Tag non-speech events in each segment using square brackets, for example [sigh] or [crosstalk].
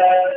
uh,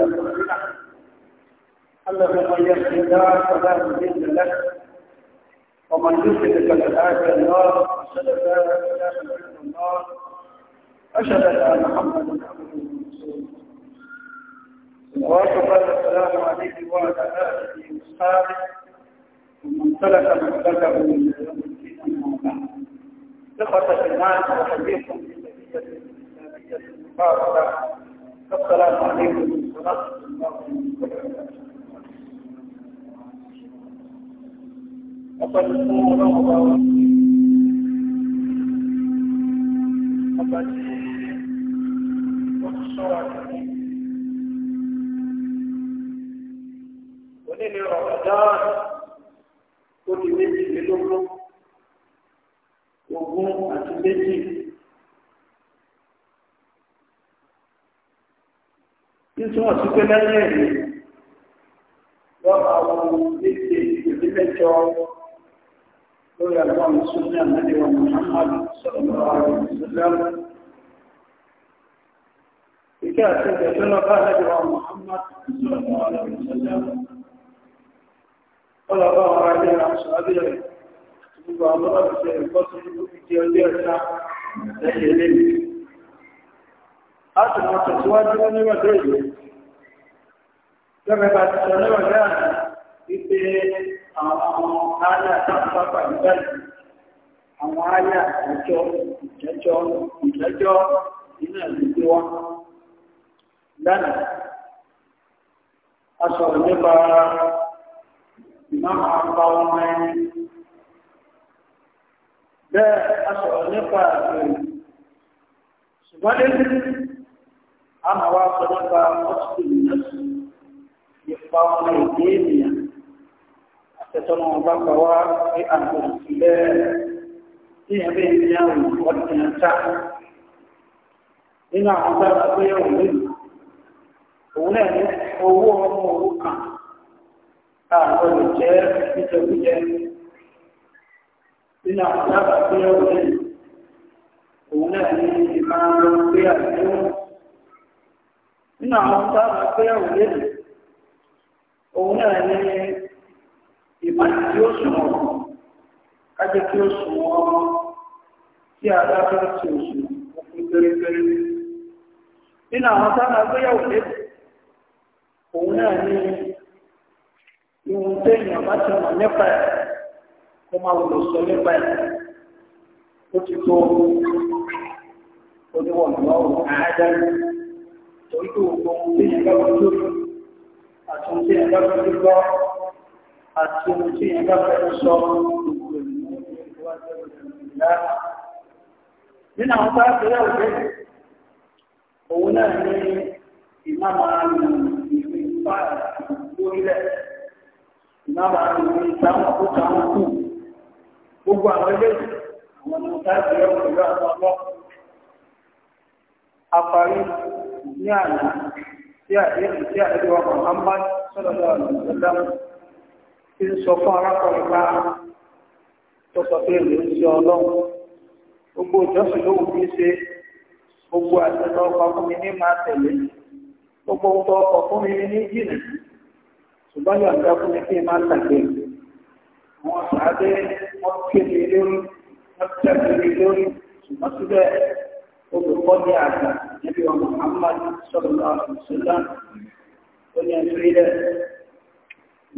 أنه من يهدي الله فلا مضل له ومن يضلل فلا هادي النار أشهد أن لا إله إلا الله أشهد أن محمدا عبده ورسوله صلوات الله وسلامه عليه وعلى آله وأصحابه ومن سلك مسلكه من يوم الدين أما بعد ثقة الإيمان وحديث بالنبي الإسلامية المباركة السلام عليكم ورحمة الله وبركاته أقل قولا وبركاته Onílé Ramadan ó di méjìlélógún, ogún àti méjì nítorí wọ́n ti pé lẹ́yìn ẹ̀rí lọ́pàá àwọn méje ìdílé mẹ́jọ lórí àwọn ìṣúná àmàlẹ́wà Muhammad sọ̀rọ̀ àwọn ìṣúná ìkẹ́ àti ìgbẹ̀jọ́nà bá àmàlẹ́wà Muhammad sọ̀rọ̀ àwọn ìṣúná ọlọ́pàá àwọn ará láti lọ tẹ̀síwájú níwọ̀dé ìlú. Gẹ́gẹ́ bá ti sọ níwọ̀dé àti wípé àwọn ọmọ ayé àtàkùnfàfà ìgbàlẹ̀, àwọn ayé àjọ ìjẹjọ́ ìjẹjọ́ iná ìlú wá. Lánàá, a sọ̀rọ̀ nípa ìmáàmù àpá ọmọ ẹni a máa wá sọ nípa ọ́sùlù nẹ́sù nípa ọmọ ìdí ènìyàn àtẹ̀tọ́nà ọba pàwá pé àgbò ìlẹ̀ ìyẹn bí ìyẹn àwọn ọdún ẹ̀ta nínú àwọn ọba àgbéyẹ̀wò lónìí òun náà ní owó ọmọ òun náà nínú àwọn tó àwọn agbéyàwó lẹ́nu òun náà ní tí ó sùn wọn kájẹ́ ó sùn wọn tí pẹ́rẹ́pẹ́rẹ́ nínú àwọn tó àwọn agbéyàwó lẹ́nu òun náà ní ìwọ̀n tẹ́yìn ọ̀bá ti mọ̀ nípa ẹ̀ kó máa sọ nípa ẹ̀ ó ti tó lọ́wọ́ torí àti ohun tí èèyàn bá fojú gbọ́ àti ohun tí èèyàn bá àwọn bá bẹ̀rẹ̀ òjẹ́ òun náà ní ìmáàmà ìwé ìfà lórílẹ̀ ìmáàmà ìwé ìtàwọn àkókò àwọn kù gbogbo àwọn eléyìí àwọn ní àná tí àdéhùn Muhammad sọ́dọ̀dọ̀ ọ̀dọ̀dọ̀ ti sọ fún arákùnrin tó sọ pé èmi ń ṣe ọlọ́run gbogbo ìjọsìn ló wù mí ṣe gbogbo àtẹ̀tọ́ ọkọ̀ fún mi ní máa tẹ̀lé gbogbo ọkọ̀ fún mi ní ṣùgbọ́n yóò fún níbi wọn Muhammad sọ́lọ́lá àrùsọ́lá ó ní ẹni rí rẹ̀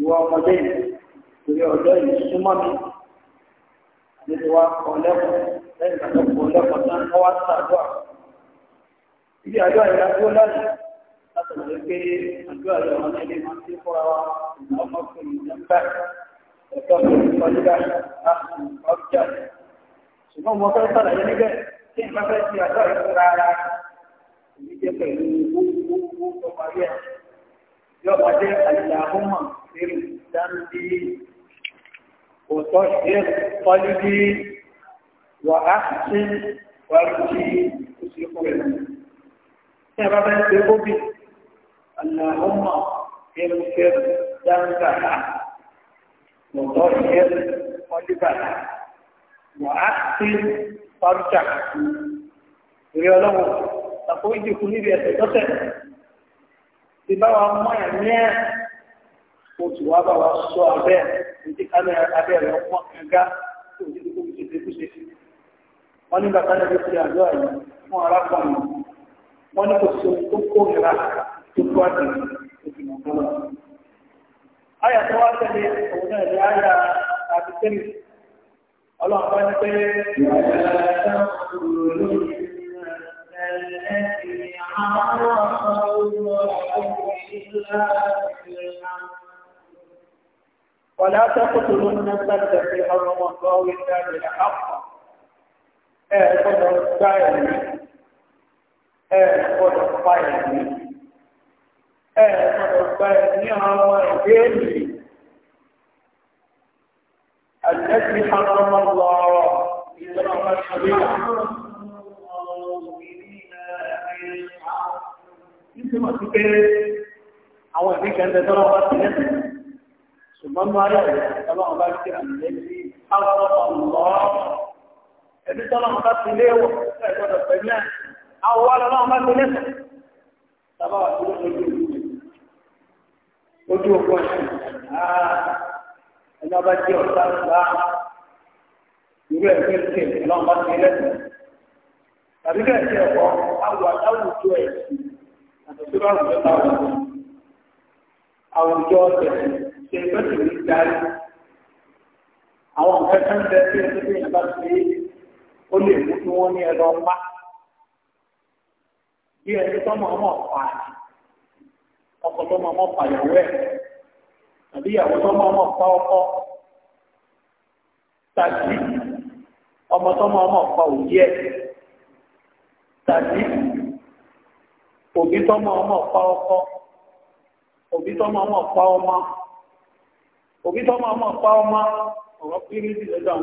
ìwọ ọmọdé torí ọ̀dọ́ yìí súnmọ́ mi níbi wa kọ̀ lẹ́kọ̀ọ́ lẹ́yìn tó kọ̀ lẹ́kọ̀ọ́ tán kọ́ wá sàdúrà ibi àjọ àyíká tó láti látọ̀lẹ́ pé àjọ àyíká wọn ní ilé máa ń dín ìdíje pẹ̀lú wúwúwú tó parí ẹ̀. Yọba jẹ́ àìsàhúnmọ̀ nínú dáńdí òtọ́ ìṣẹ́ pọ́lí bí wà á sí wárúkí òṣèlú rẹ̀. Tí a bá bẹ́ẹ̀ pé ó àforíjì fún níbi ẹ̀sẹ̀ tọ́tẹ̀ ti bá wa mọ́ ẹ̀ ní ẹ̀ mo tù wá bá wa sọ abẹ́ ìdí kámẹ́ abẹ́ rẹ̀ ọmọ kanga tó ti dúró ti ṣe kú ṣe wọ́n ní bàtà náà ti àjọ àyè fún arákùnrin wọ́n ní kò sí tó kó ìra tó tó àjè òfin ọ̀gá Ayà tó wá tẹ̀lé òun náà ní ayà àti tẹ́lẹ̀ ọlọ́run bá ní pé الله ولا تقتلوا النفس التي حرم الله إلا بالحق اعبدوا ايه، السائل اعبدوا ايه، السائل اعبدوا ايه، السائل وإليه التي حرم الله إلا بالحق ìtumọ̀ sí pé àwọn ìdí kẹ́ńtẹ́ tọ́lá wọn ti lẹ́sẹ̀ ṣùgbọ́n máa yà rẹ̀ tọ́lá wọn bá ti àmì lẹ́sí àwọn ọmọ ẹbí tọ́lá wọn bá ti léwọ̀ ẹgbọ́dọ̀ pẹ̀lú ẹ̀ àwọn wà lọ́lá wọn ẹni ọba jẹ́ ọ̀sá ọ̀sá irú ẹ̀mí ṣe ìlànà ti lẹ́sẹ̀ tàbí bẹ́ẹ̀ ṣe ẹ̀kọ́ àwùjọ ẹ̀sìn àwùjọ ọ̀sẹ̀ ṣe pẹ̀lú ní ìdarí àwọn nǹkan kan bẹ tí ẹni tí ìyàbá ti ó lè mú kí wọ́n ní ẹ̀rọ pa bí ẹni tó mọ̀ ọmọ pa ọkọ tó mọ̀ ọmọ pa ìyàwó ẹ̀ tàbí ìyàwó tó mọ̀ ọmọ pa ọkọ tàbí ọmọ tó mọ̀ ọmọ pa òbí ẹ̀ tàbí òbí tọ́mọ ọmọ pa ọkọ òbí tọ́mọ ọmọ pa ọmọ òbí tọ́mọ ọmọ pa ọmọ ọ̀rọ̀ pírí sí lọ́dọ̀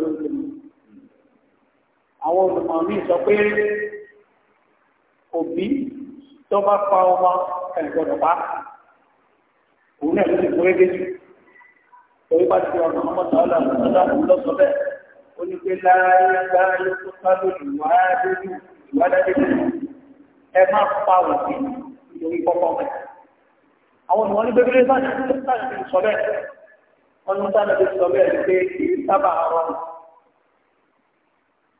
àwọn olùmọ̀ àwọn olùmọ̀ mi sọ pé òbí tó bá pa ọmọ ẹ̀ gbọ́dọ̀ pa òun náà ló ti gbórégbé jù torí bá ti ọ̀nà ọmọ sọ́ọ́lá ọ̀nà lọ́sọ̀ bẹ́ẹ̀ ó ní pé láyé láyé tó sábẹ́ ìwádìí ìwádìí ẹ má pa òfin nítorí kọ́kọ́ mẹ́. àwọn ìwọ̀n ní gbégbélé bá ní sáà ti sọ bẹ́ẹ̀ wọ́n ní sáà ti sọ bẹ́ẹ̀ ni pé kì í sábà rọrùn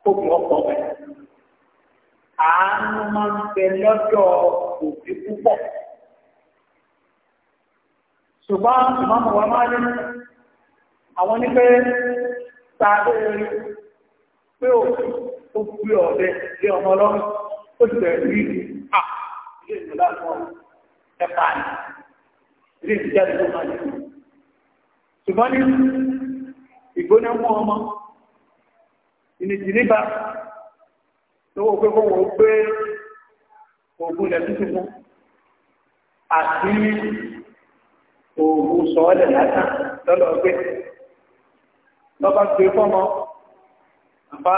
kó kí ọkọ̀ mẹ́. àánú máa ń bẹ lọ́dọ̀ òbí púpọ̀. ṣùgbọ́n ìmáàmù wa máa ní àwọn ní pé ta ló pé òfin ó gbé ọ̀bẹ lé ọmọ lọ́rùn ó ti bẹ̀rẹ̀ rí rí à ah! ilé ìlú láàbọ̀ ẹ̀ka ni ilé ìlú jáde máa yẹ. ṣùgbọ́n ní ìgbóná mú ọmọ ìnìjì níbà lówó pé kó wọ́n gbé oògùn ilẹ̀ tuntun fún àti oògùn sọ̀ọ́lẹ̀ lásán lọ́lọ́ gbé lọ́ba gbé fọ́mọ àbá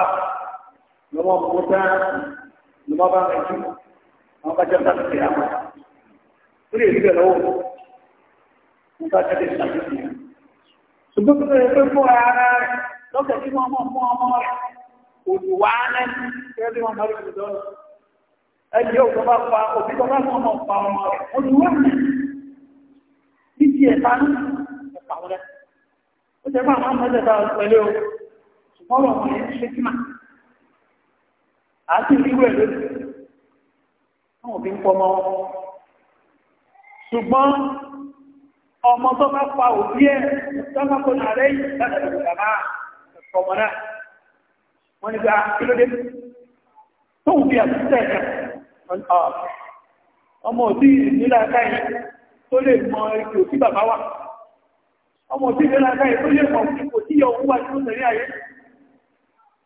lọ́wọ́ mú dáa ló bá bá ń rìn jù bá jẹ́ láti ṣe àwọn tó lè rí bẹ̀rẹ̀ lọ́wọ́ wọn bá jẹ́ lè ṣàkíyàn ṣùgbọ́n tó lè pé fún ara rẹ̀ lọ́kẹ̀ tí wọ́n mọ̀ fún ọmọ rẹ̀ òdùwà lẹ́nu kẹ́lẹ́ tí wọ́n mọ̀ lórí ìdọ́rọ̀ ẹni yóò tó bá pa òbí tó bá mọ̀ pa ọmọ rẹ̀ òdùwà lẹ́nu bí ti ẹ̀ta ní ẹ̀pà rẹ̀ ó jẹ́ fún àwọn ọmọ ẹ̀ta pẹ̀lú ṣùgbọ́n àti irú ẹ̀ lórí wọn ò fi ń pọmọ wọn ṣùgbọ́n ọmọ tó bá pa òbí ẹ̀ tó bá kó nà rẹ̀ yìí láti ẹ̀rọ bàbá ọmọ náà wọ́n ní gba ah, kílódé tó ń fi àtúntẹ̀ ẹ̀ ah, ọmọ òbí nílá káyìí tó lè mọ ètò tí bàbá wà ọmọ òbí nílá káyìí tó lè mọ òbí kò tí yọ òun wà nínú ìrìn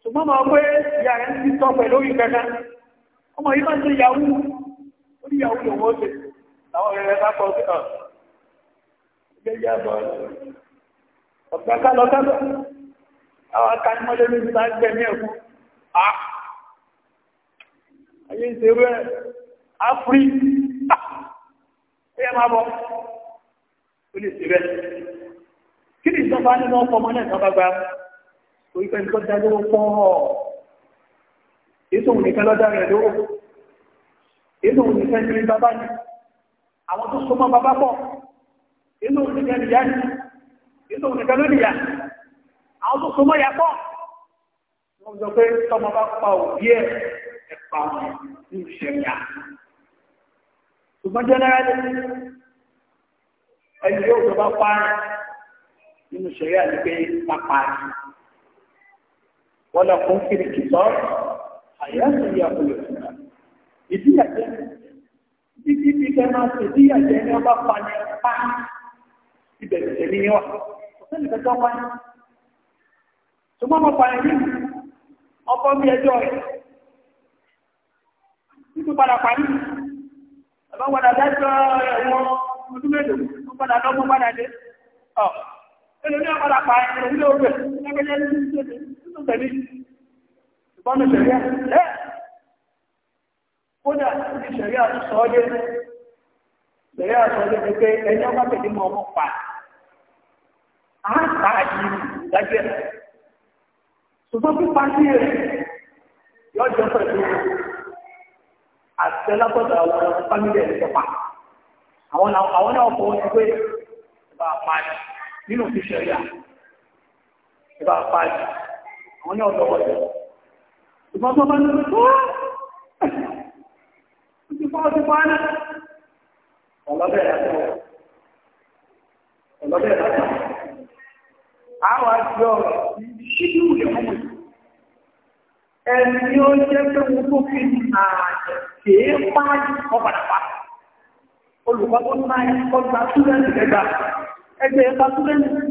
ṣùgbọ́n máa pé ìyá rẹ̀ ń ti tọ́ pẹ̀lú orí ọmọ yìí máa ń ṣe yahoo ó ní yahoo ṣe àwọn rẹ̀ bá kọ sí kan ilé yá kí ni ìjọba nínú ọkọ̀ ọmọ náà kan torí pé nǹkan dá lówó pọ́ ọ̀ ètò nìkan lọ́dá rẹ̀ lówó ètò nìkan ní bàbá ni àwọn tó so mọ́ bàbá pọ̀ ètò nìkan nìyá ni ètò nìkan ló nìyá àwọn tó so mọ́ yà pọ̀ wọ́n sọ pé tọmọ bá pa òbí ẹ̀ ẹ̀pà wọn ní ìṣẹ̀yà ṣùgbọ́n jẹ́nẹ́rẹ́lì ẹni yóò tó pa nínú ìṣẹ̀yà ní pé pápá wọ́lá fún kìrìkì sọ àyàtò ìyá olùsọ̀rọ̀ ìdíyàjẹ́ títí tí kẹ́ máa ṣe ìdíyàjẹ́ ní ọba pani pa ibẹ̀ tẹ̀lé ní wa ọ̀sẹ́ni kẹjọ pa ni ṣùgbọ́n mo pa ẹ̀yìn ọkọ mi ẹjọ́ rẹ̀ títí padà pa ni ẹ̀bá padà dájọ́ ẹ̀wọ̀n ọdún mélòó ó padà lọ́gbọ́n padà dé ọ̀ padà pa ẹ̀yìn nínú tẹ̀lé ìbánu ṣẹ̀ríà ẹ́ kódà ní ṣẹ̀ríà sọ́ọ́dé ṣẹ̀ríà sọ́ọ́dé ti pé ẹni ọba tẹ̀lé mọ́ ọmọ pa á pa yìí dájẹ́ ṣùgbọ́n pípa sí rẹ̀ yọjọ́ pẹ̀lú àṣẹ lápọ̀tà àwọn fámìlì ẹ̀ lọ́pàá àwọn náà fọwọ́ sí pé ìbá pa nínú ti ṣẹ̀ríà ìbá pa yìí àwọn ní ọ̀dọ̀ wọ̀lẹ̀. Ìgbọ́n bá ní ọ̀rọ̀ ti fọ́ ti fọ́ ánà. Ọlọ́bẹ̀ látọ̀. Ọlọ́bẹ̀ látọ̀. Àwọn àti ọ̀rọ̀ ṣíkú lè mú mi. Ẹni ni ó jẹ́ pé mo tó fi ní ààyè kéé páàlì ọ̀pàdàpá. Olùkọ́ tó máa ń kọjá túlẹ̀ nígbà. Ẹgbẹ́ ẹ̀ka túlẹ̀ nígbà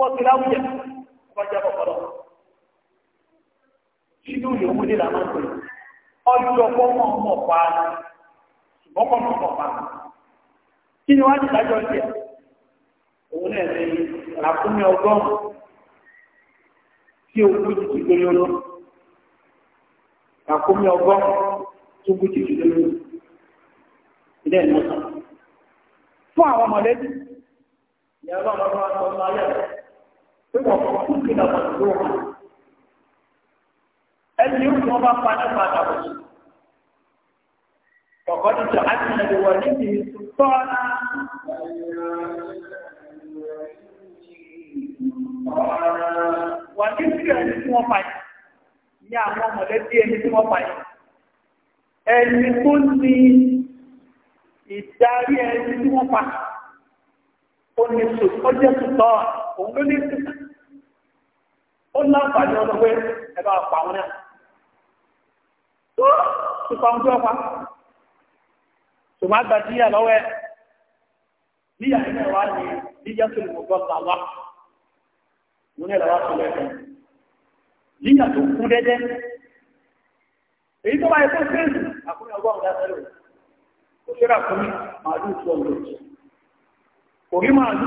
pọ́ọ̀tù láwùjẹ ọjà ọ̀pọ̀lọ. Ṣídú ìyòwú ní làwọn pè ọjọ́ ọ̀pọ̀ mọ̀ mọ̀ pa á ṣùgbọ́n kọ́ mọ̀ mọ̀ pa á. Kí ni wá ti dájọ́ tiẹ̀? Òun náà ní ràkúnmí ọgọ́rùn tí ogún ti ti gbélé lọ. Ràkúnmí ọgọ́rùn tó gún ti ti gbélé lọ. Ilé ẹ̀ náà fún àwọn mọ̀lẹ́bí. Ìyá ọlọ́run ọlọ́run ọmọ ayé rẹ̀ pé wọ́n kọ́ kú kí lọ́wọ́ tó wà. ẹni yóò tí wọ́n bá paná padà wọ̀ sí. ọ̀kọ́ ti jọ àti ìwọ̀ níbi ìtọ́lá. wà ní sí ẹni tí wọ́n pààyàn ní àwọn mọ̀lẹ́bí ẹni tí wọ́n pààyàn. ẹni tó ní ìdarí ẹni tí wọ́n pa ó ní sùn ó jẹ́ òun ló ní sí ó láǹfààní ọdọ pé ẹ bá pa àwọn náà tó ti pa ohun tó pa ṣùgbọ́n àgbà tí yà lọ́wọ́ ẹ níyà ilé wa ni níyà tó lè mọ̀ gbọ́ ta wá mo ní ẹ̀rọ wa tó lẹ́kọ̀ọ́ níyà tó kú dẹ́dẹ́ èyí tó báyìí fún mi màálù tó ọ̀rọ̀ òrí màálù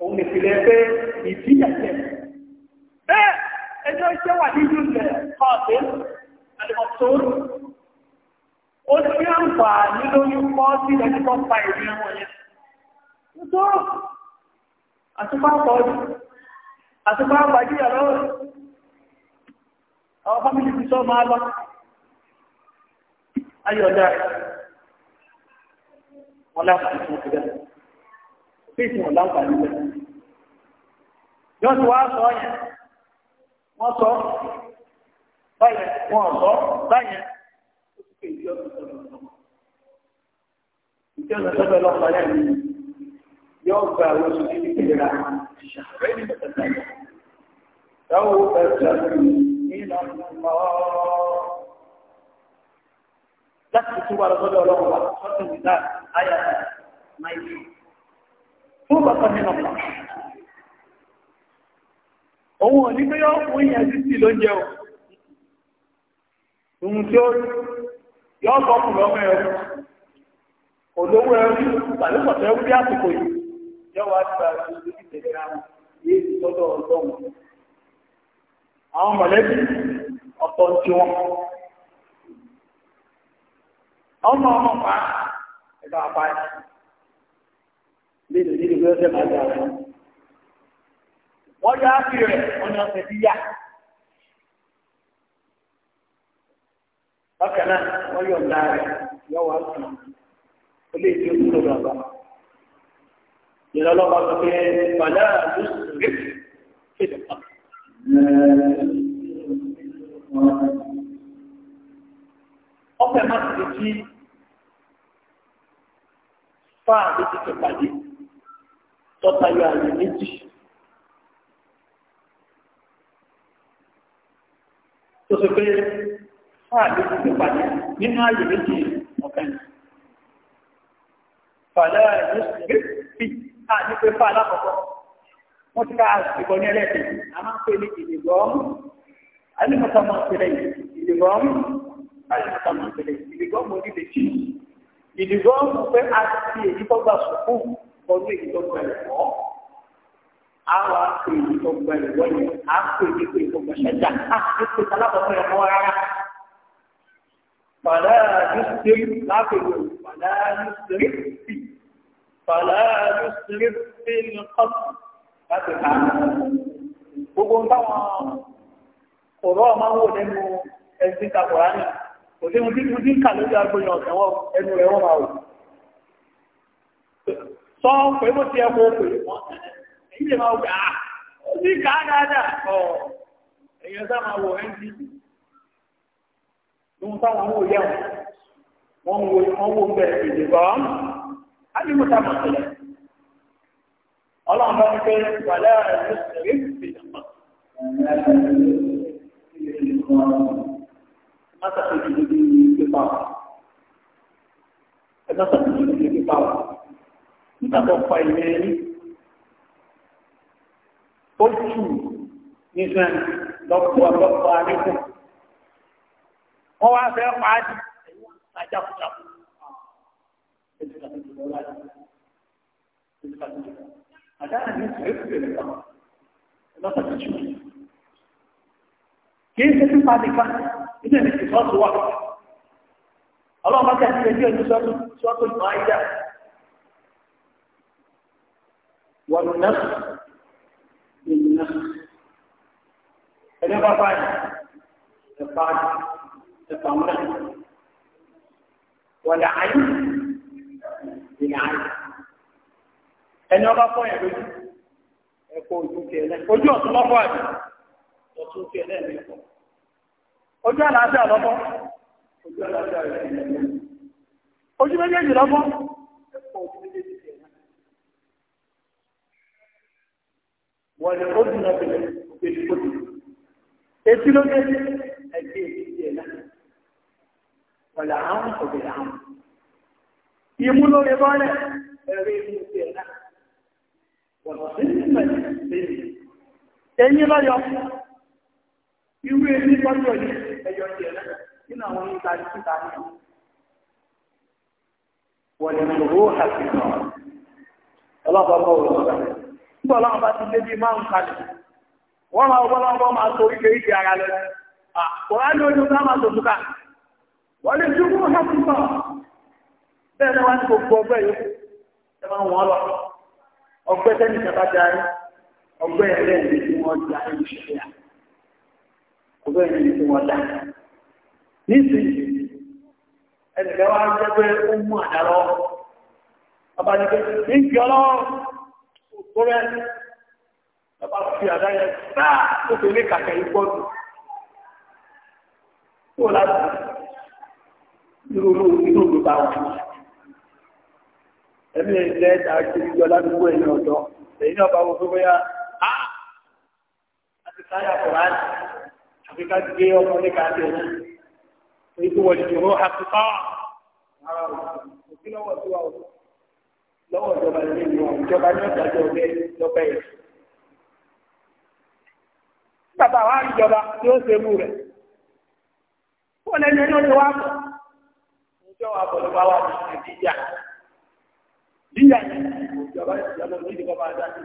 òun ìpìlẹ̀ pé ìdíyàjẹ́ bẹ́ẹ̀ ẹjọ́ iṣẹ́ wà ní ìlúlẹ̀ kọ́ọ̀tẹ́ alìmọ̀tòrò ó ti àǹfà nílóyún pọ́ sí ẹjọ́ pa ìrìn àwọn yẹn nítorò àtúbápọ̀ ọdún àtúbápọ̀ àjíyà lọ́wọ́ àwọn fámìlì ti sọ máa lọ ayọ̀dá wọn láti fún ìpìlẹ̀ pé ìsìn ọ̀la ọ̀gbà níbẹ̀. Jọ́sí wá sọ yẹn, wọ́n sọ báyẹn, wọ́n sọ báyẹn, ó ti pè ìjọ ìjọ ìjọ ìjọ lọ́pàá yẹn ni yóò gba àwọn oṣù tí kìlẹ̀ rà ṣàfẹ́ ní ìtẹ̀tẹ̀ yẹn. Táwọn owó fẹ́ ṣàfihàn ní ìlànà mọ́ láti tún wà lọ́sọ́dọ̀ ọlọ́run wa sọ́tún ìdá àyà náírà tó bàtà nínú pa òun ò ní pé yọ́ fún ìyẹn títí ló jẹ́ o ohun tí ó yọ́ sọ́kùn lọ́mọ ẹ̀rọ olówó ẹrú tàbí pọ̀tẹ́ ẹrú bí àsìkò yìí yọ́ wá gba ìlú ti ìlú ẹsẹ̀ máa dà wọn. Wọ́n yá sí rẹ̀ ọ̀nà ọ̀sẹ̀ ti yá. Bákan náà, wọ́n yọ̀ ọ̀dà rẹ̀ yọ̀wọ̀ àti olè tí ó ń lò bàbá. Ìrọ̀lọ́ba sọ pé bàdá àdúgbò rẹ̀ kéde pa. Ọ̀pẹ̀ máa ti di fáà ti ti pàdé tọ́tayọ àyè méjì. tó ṣe pé fáàlì ti ti pàdé nínú àyè méjì ọ̀kan. fàlẹ́ àyè sí àti pé fàlà kọ̀kọ́ wọ́n ti ká ìbọn ní ẹlẹ́ẹ̀kejì a máa ń pè ní ìdìbọn alimọ̀tàmọ̀ sílẹ̀ ìdìbọn alimọ̀tàmọ̀ sílẹ̀ ìdìbọn mo ní lè ṣí ìdìbọn mo fẹ́ àti èyí tó gbà sùkúù kọjú èyí tó gbẹ̀rẹ̀ kọ́ àwọn àpè èyí tó gbẹ̀rẹ̀ wọlé àpè èyí tó èyí tó gbẹ̀rẹ̀ ṣẹ̀dá àpè èyí tó alábọ̀tọ̀ ah, rẹ̀ mọ́ rárá. Fàlà àdúsírí lápèlú fàlà àdúsírí sí fàlà àdúsírí sí ní kọ́sù láti ká. Gbogbo táwọn ọ̀rọ̀ máa ń wò nínú ẹ̀sìn takọ̀rá náà. Kò sí ohun tí mo ti ń kà lójú agbóyan ọ̀sẹ̀ wọn tọ́ pé bó ti ẹkọ pè wọ́n èyí lè máa gbà á ó sì kà á dáadáa ọ̀ èèyàn sá máa wọ ndc lóhun táwọn owó yẹ wọn wọ́n wo wọ́n wo ń bẹ̀rẹ̀ èdè bọ́ á ní mọ́ta mọ̀ sílẹ̀ ọlọ́run bá ń pé wàlẹ́ ẹ̀rọ ìṣẹ̀rí ìṣẹ̀rí Mata ko jiri jiri ke nígbàtọ̀ pa ilẹ̀ rí ó tù ní sẹ́n lọ́pọ̀ lọ́pọ̀ àríkù wọ́n wá fẹ́ pàájì ẹ̀yìn ajákùjákù Kìí ṣe pípa nípa, ìdí ìrìnkì sọ́tù wà. Ọlọ́pàá kẹ́kẹ́ sí ẹjọ́ ìlú sọ́tù ìmọ̀ ayé والنخل بالنخل ẹni bá báyìí ẹ̀fà ẹ̀fà mọ́ra wọ̀dà ayé ìlà ayé ẹni ọba fọ́ yẹn lójú ẹ̀kọ́ ojú tiẹ̀ náà ojú ọ̀tún lọ́fọ́ àbí ọ̀tún tiẹ̀ àlàáfíà lọ́fọ́ ojú méjèèjì lọ́fọ́. wọ́n lè ọdún náà bẹ̀rẹ̀ òkèlè kòtò. Etí ló dé ẹgbẹ́ ìdíje ẹ̀ náà. Wọ́n lè yọ. Irú ẹni nígbà ọlọ́run bá ti lé bí máa ń kalẹ̀ wọ́n máa wọ́n máa so ara lọ àkùrá ní ojú ká máa tòtúkà wọ́n lè dúró láti sọ bẹ́ẹ̀ ni wọ́n ti gbogbo ọgbẹ́ yìí ẹ máa wọ́n lọ ọgbẹ́ tẹ́nì kẹta darí ọgbẹ́ ẹ̀rẹ́ ìdí tí wọ́n di ayé ìṣẹ̀lẹ̀ ọgbẹ́ wọ́n dá ẹnìkan wá jẹ́ pé ó mú ọba ní kó rẹ bàbá fi àdá yẹn náà ó fi ní kàkà yìí pọ̀ jù kó láti irú inú ìlú bá wọn. ẹ̀mí ẹ̀ jẹ́ ẹ̀dá kiri jọ ládùúgbò ẹ̀yìn ọ̀dọ́ èyí náà bá wọn fún bóyá á àti táyà kùránì àti ká gbé ọmọ ní káàdì ẹ̀yìn èyí tó wọlé jùlọ àti táwà. òkè lọ́wọ́ sí wa òkè. lọ́wọ́ ìjọba ilé ìwọ̀n ìjọba ní ọ̀dájọ́ ọ̀bẹ lọ́pẹ́ yìí. bàbá wa ìjọba tí ó ṣe mú rẹ̀ wọ́n lẹ́nu ẹni orí wa kọ́ ìjọ wa bọ̀ ìjọba ìjọba ní ìdíkọ́ máa dá sí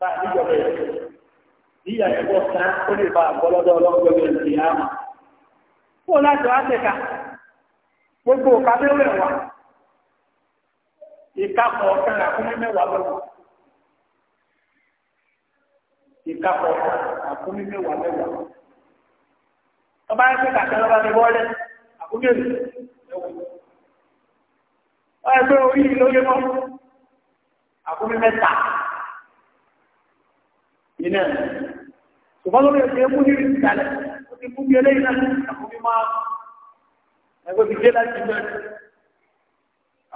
bá ìjọba ó lè bá fún láti wá gbogbo ìkápọ̀ ọ̀kan àkúnmí mẹ́wàá lọ́wọ́ ìkápọ̀ ọ̀kan àkúnmí mẹ́wàá lọ́wọ́ ọba ń ṣe kàkẹ́ lọ́ba ní wọ́lẹ̀ àkúnmí èrè lọ́wọ́ ẹgbẹ́ orí lóye mọ́ àkúnmí mẹ́ta iná ṣùgbọ́n lórí ẹgbẹ́ mú ní ìdálẹ̀ ó ti mú bí eléyìí náà àkúnmí máa ẹgbẹ́ ti dé láti bẹ́ẹ̀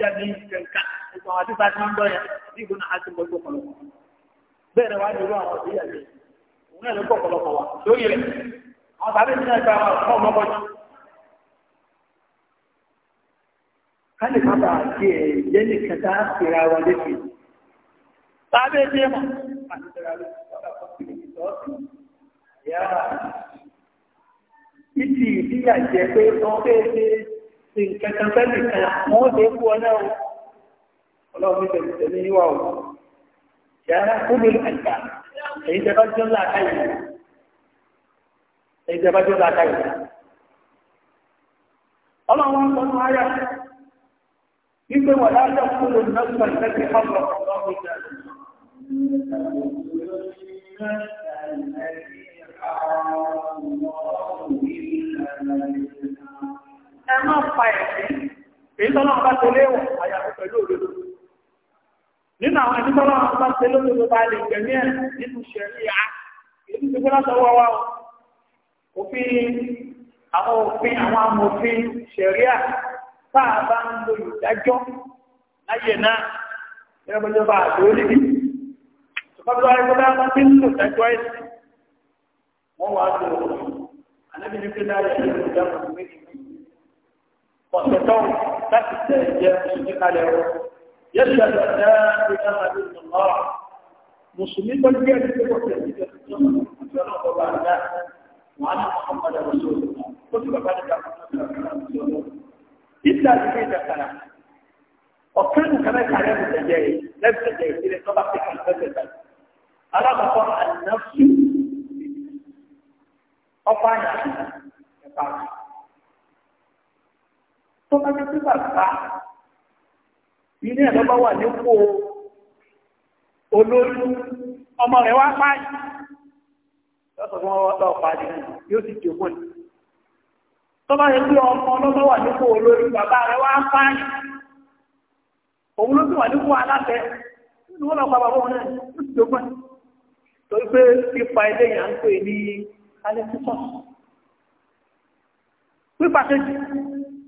jami kankan ìgbà wọn ti bá ti ń gbọ́ yẹn ní ìgbóná àti gbogbo ọ̀pọ̀lọpọ̀ bẹ́ẹ̀ ni wàá ní irú àwọn ọ̀dọ́ yẹn òun náà ló kọ́ ọ̀pọ̀lọpọ̀ wa lórí rẹ̀ àwọn tàbí ní ẹgbẹ́ àwọn ọ̀pọ̀ ọmọ yìí. ká lè má bàa ẹ̀ jẹ́ nìkan tá a fèrè létí. tàbí ẹbí ẹ̀ mọ̀ ìtì ìdíyà jẹ́ pé wọ́n nǹkan kan fẹ́lì kan wọ́n lè kú ọ̀nà o ọlọ́run ní pẹ̀lú tẹ̀lé níwá o yàrá kúrò àgbà èyí tẹ́ bá jọ ńlá káyì èyí tẹ́ bá jọ ńlá káyì ọlọ́run ń sọnù ara wípé wà láàjọ kúrò nọ́ọ̀sán lẹ́sẹ̀ ọ̀pọ̀ ọlọ́run ìjà Thank you. ẹ pa ẹ̀sìn èyí tọ́lá ọba tó léwọ̀ àyàfi pẹ̀lú òdodo nínú àwọn ẹni tọ́lá ọba tó lódodo bá lè gbẹ̀mí ẹ̀ nínú ṣẹ̀rí à èyí tó gbọ́dọ̀ sọ́wọ́ wa òfin àwọn òfin àwọn amòfin ṣẹ̀rí à tá a bá ń lo ìdájọ́ láyè náà ẹgbẹ́jọba àdúró níbi ṣùgbọ́n tó ẹgbẹ́ bá ti ń lò dájọ́ ẹ̀sìn wọ́n wàá lò ó ànábìnrin pé láyé ẹ̀sìn ìdáhùn وتتوب تحت يسبق عليه يشهد أن لا إله إلا الله مسلم بالجهل في وقته وعن محمد رسول الله كتب ذلك إلا لكي الكلام وكان كما على التجاهل نفس التجاهل إلى طبق الفتاة ألا بطر النفس أطعنا عنها tó bá jẹ́ pé bàbá ilé ẹ̀ lọ́bá wà nípò olórí ọmọ rẹ̀ wá páyì lọ́sọ̀ fún ọwọ́ pàdé yóò sì jòkó ní tó bá jẹ́ pé ọmọ lọ́bá wà nípò olórí bàbá rẹ̀ wá páyì òun ló sì wà nípò aláfẹ́ nínú wọn lọ́pàá bàbá òun náà yóò sì jòkó ní torí ilé yà ń pè ní alẹ́ pípọ̀ pípa kejì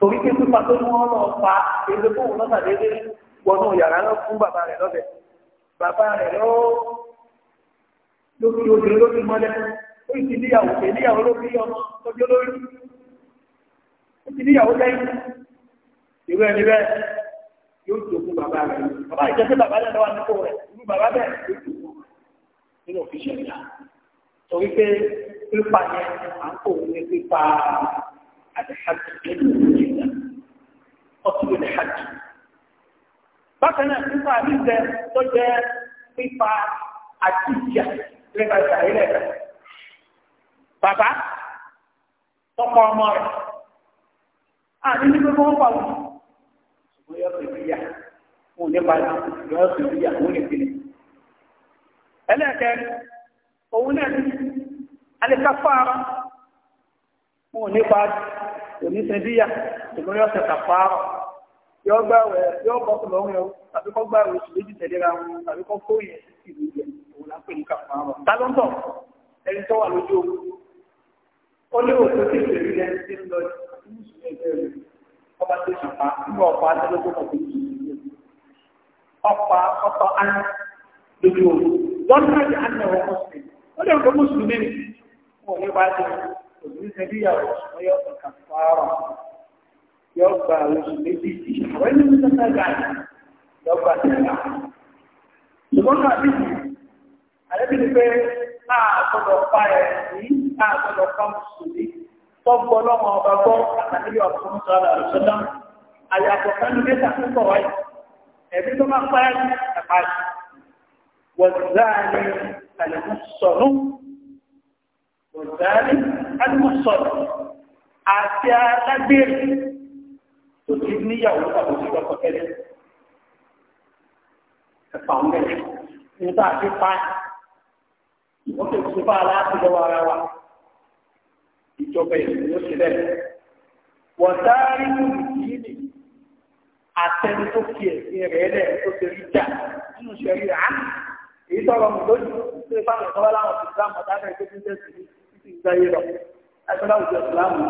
torí pé pípa tó ní wọn lọ pa èdè fóun lọ́sà déédéé wọnú yàrá lọ fún bàbá rẹ̀ lọ́bẹ̀ bàbá rẹ̀ lọ lórí obìnrin lórí mọ́lẹ̀ ó sì níyàwó pé níyàwó ló fi ọmọ tọ́jú lórí ó sì níyàwó lẹ́yìn ìwé ẹni bẹ́ẹ̀ yóò tó fún bàbá rẹ̀ bàbá ìjẹ́ pé bàbá rẹ̀ lọ́wọ́ nípò rẹ̀ irú bàbá bẹ́ẹ̀ yóò tó fún nínú òfìṣẹ́ ìyá torí pé pípa yẹn à ń kó òun ní pípa àti àti ìlú ọtún lè hajj. Bákan náà, nípa àbíjẹ tó jẹ́ pípa àti ìjà lẹ́ka ìjà ilẹ̀ rẹ̀. Bàbá tọkọ ọmọ rẹ̀. A ní ní pípọ́ wọn pa wọn. Ṣùgbọ́n yóò fi bíyà. Wọ́n nípa yóò fi bíyà wọ́n lè fi lè. Ẹlẹ́ẹ̀kẹ́ òun náà ní alẹ́káfà ara. Wọ́n nípa oníṣẹ́ Ṣùgbọ́n yóò ṣe kàfà ara yọ gbàwẹ̀ yọ bọ́kù lọ́wọ́ yọ tàbí kọ́ gbàwẹ̀ oṣù méjì wọn tàbí kọ́ kóyè ìlú yẹ òun lápè ní kàfà wọn. ta ẹni tó wà lójú ogun ó ní òkú tí ìṣèlú yẹn ti ń lọ sí mùsùlùmí ẹgbẹ́ rẹ̀ ọba tó sì nígbà ọ̀pá adélógún kò tó yìí ọ̀pá ọ̀pá án lójú ogun lọ́dún náà ti án náà wọ́n mùsùlùmí ó lè kó mùsùlùmí yóò gba oṣù méjì sí àwọn ẹni tó tẹ́tẹ́ gà ní yóò gba tẹ́lá. ṣùgbọ́n náà bí àlẹ́bí ni pé àgbọ̀dọ̀ pa ẹ̀ sí àgbọ̀dọ̀ pa mùsùlùmí tọ́gbọ́ lọ́mọ ọba gbọ́ àtàlẹ́bí ọ̀fun sọ̀rọ̀ àlùsọ́dá àyàtọ̀ sánú mẹ́ta tó pọ̀ wáyé ẹ̀bí tó máa pa ẹ̀ ẹ̀pá yìí wọ̀záàlì àlùmọ̀sọ̀rọ̀ wọ̀záàlì àlùmọ̀sọ̀rọ̀ àti alágbèrè kò níyàwó tàbí sí ọkọ kẹlẹ ẹfà ń níta àti pa wọn kò sí fáwọn aláàbò lọ́wọ́ ara wa ìjọba ìlú ló ṣe bẹ́ẹ̀ wọn sáré ní ìdí nìyí àtẹni tó fi ẹ̀sìn rẹ̀ lẹ̀ tó ṣe rí jà nínú ṣẹ̀rí rà á èyí tọrọ mọ̀ lójú tó ipá rẹ̀ láwọn ti gbá mọ̀ dábẹ́ tó ń tẹ̀sí títí ń gbáyé lọ ẹgbẹ́ láwùjọ ìsìláàmù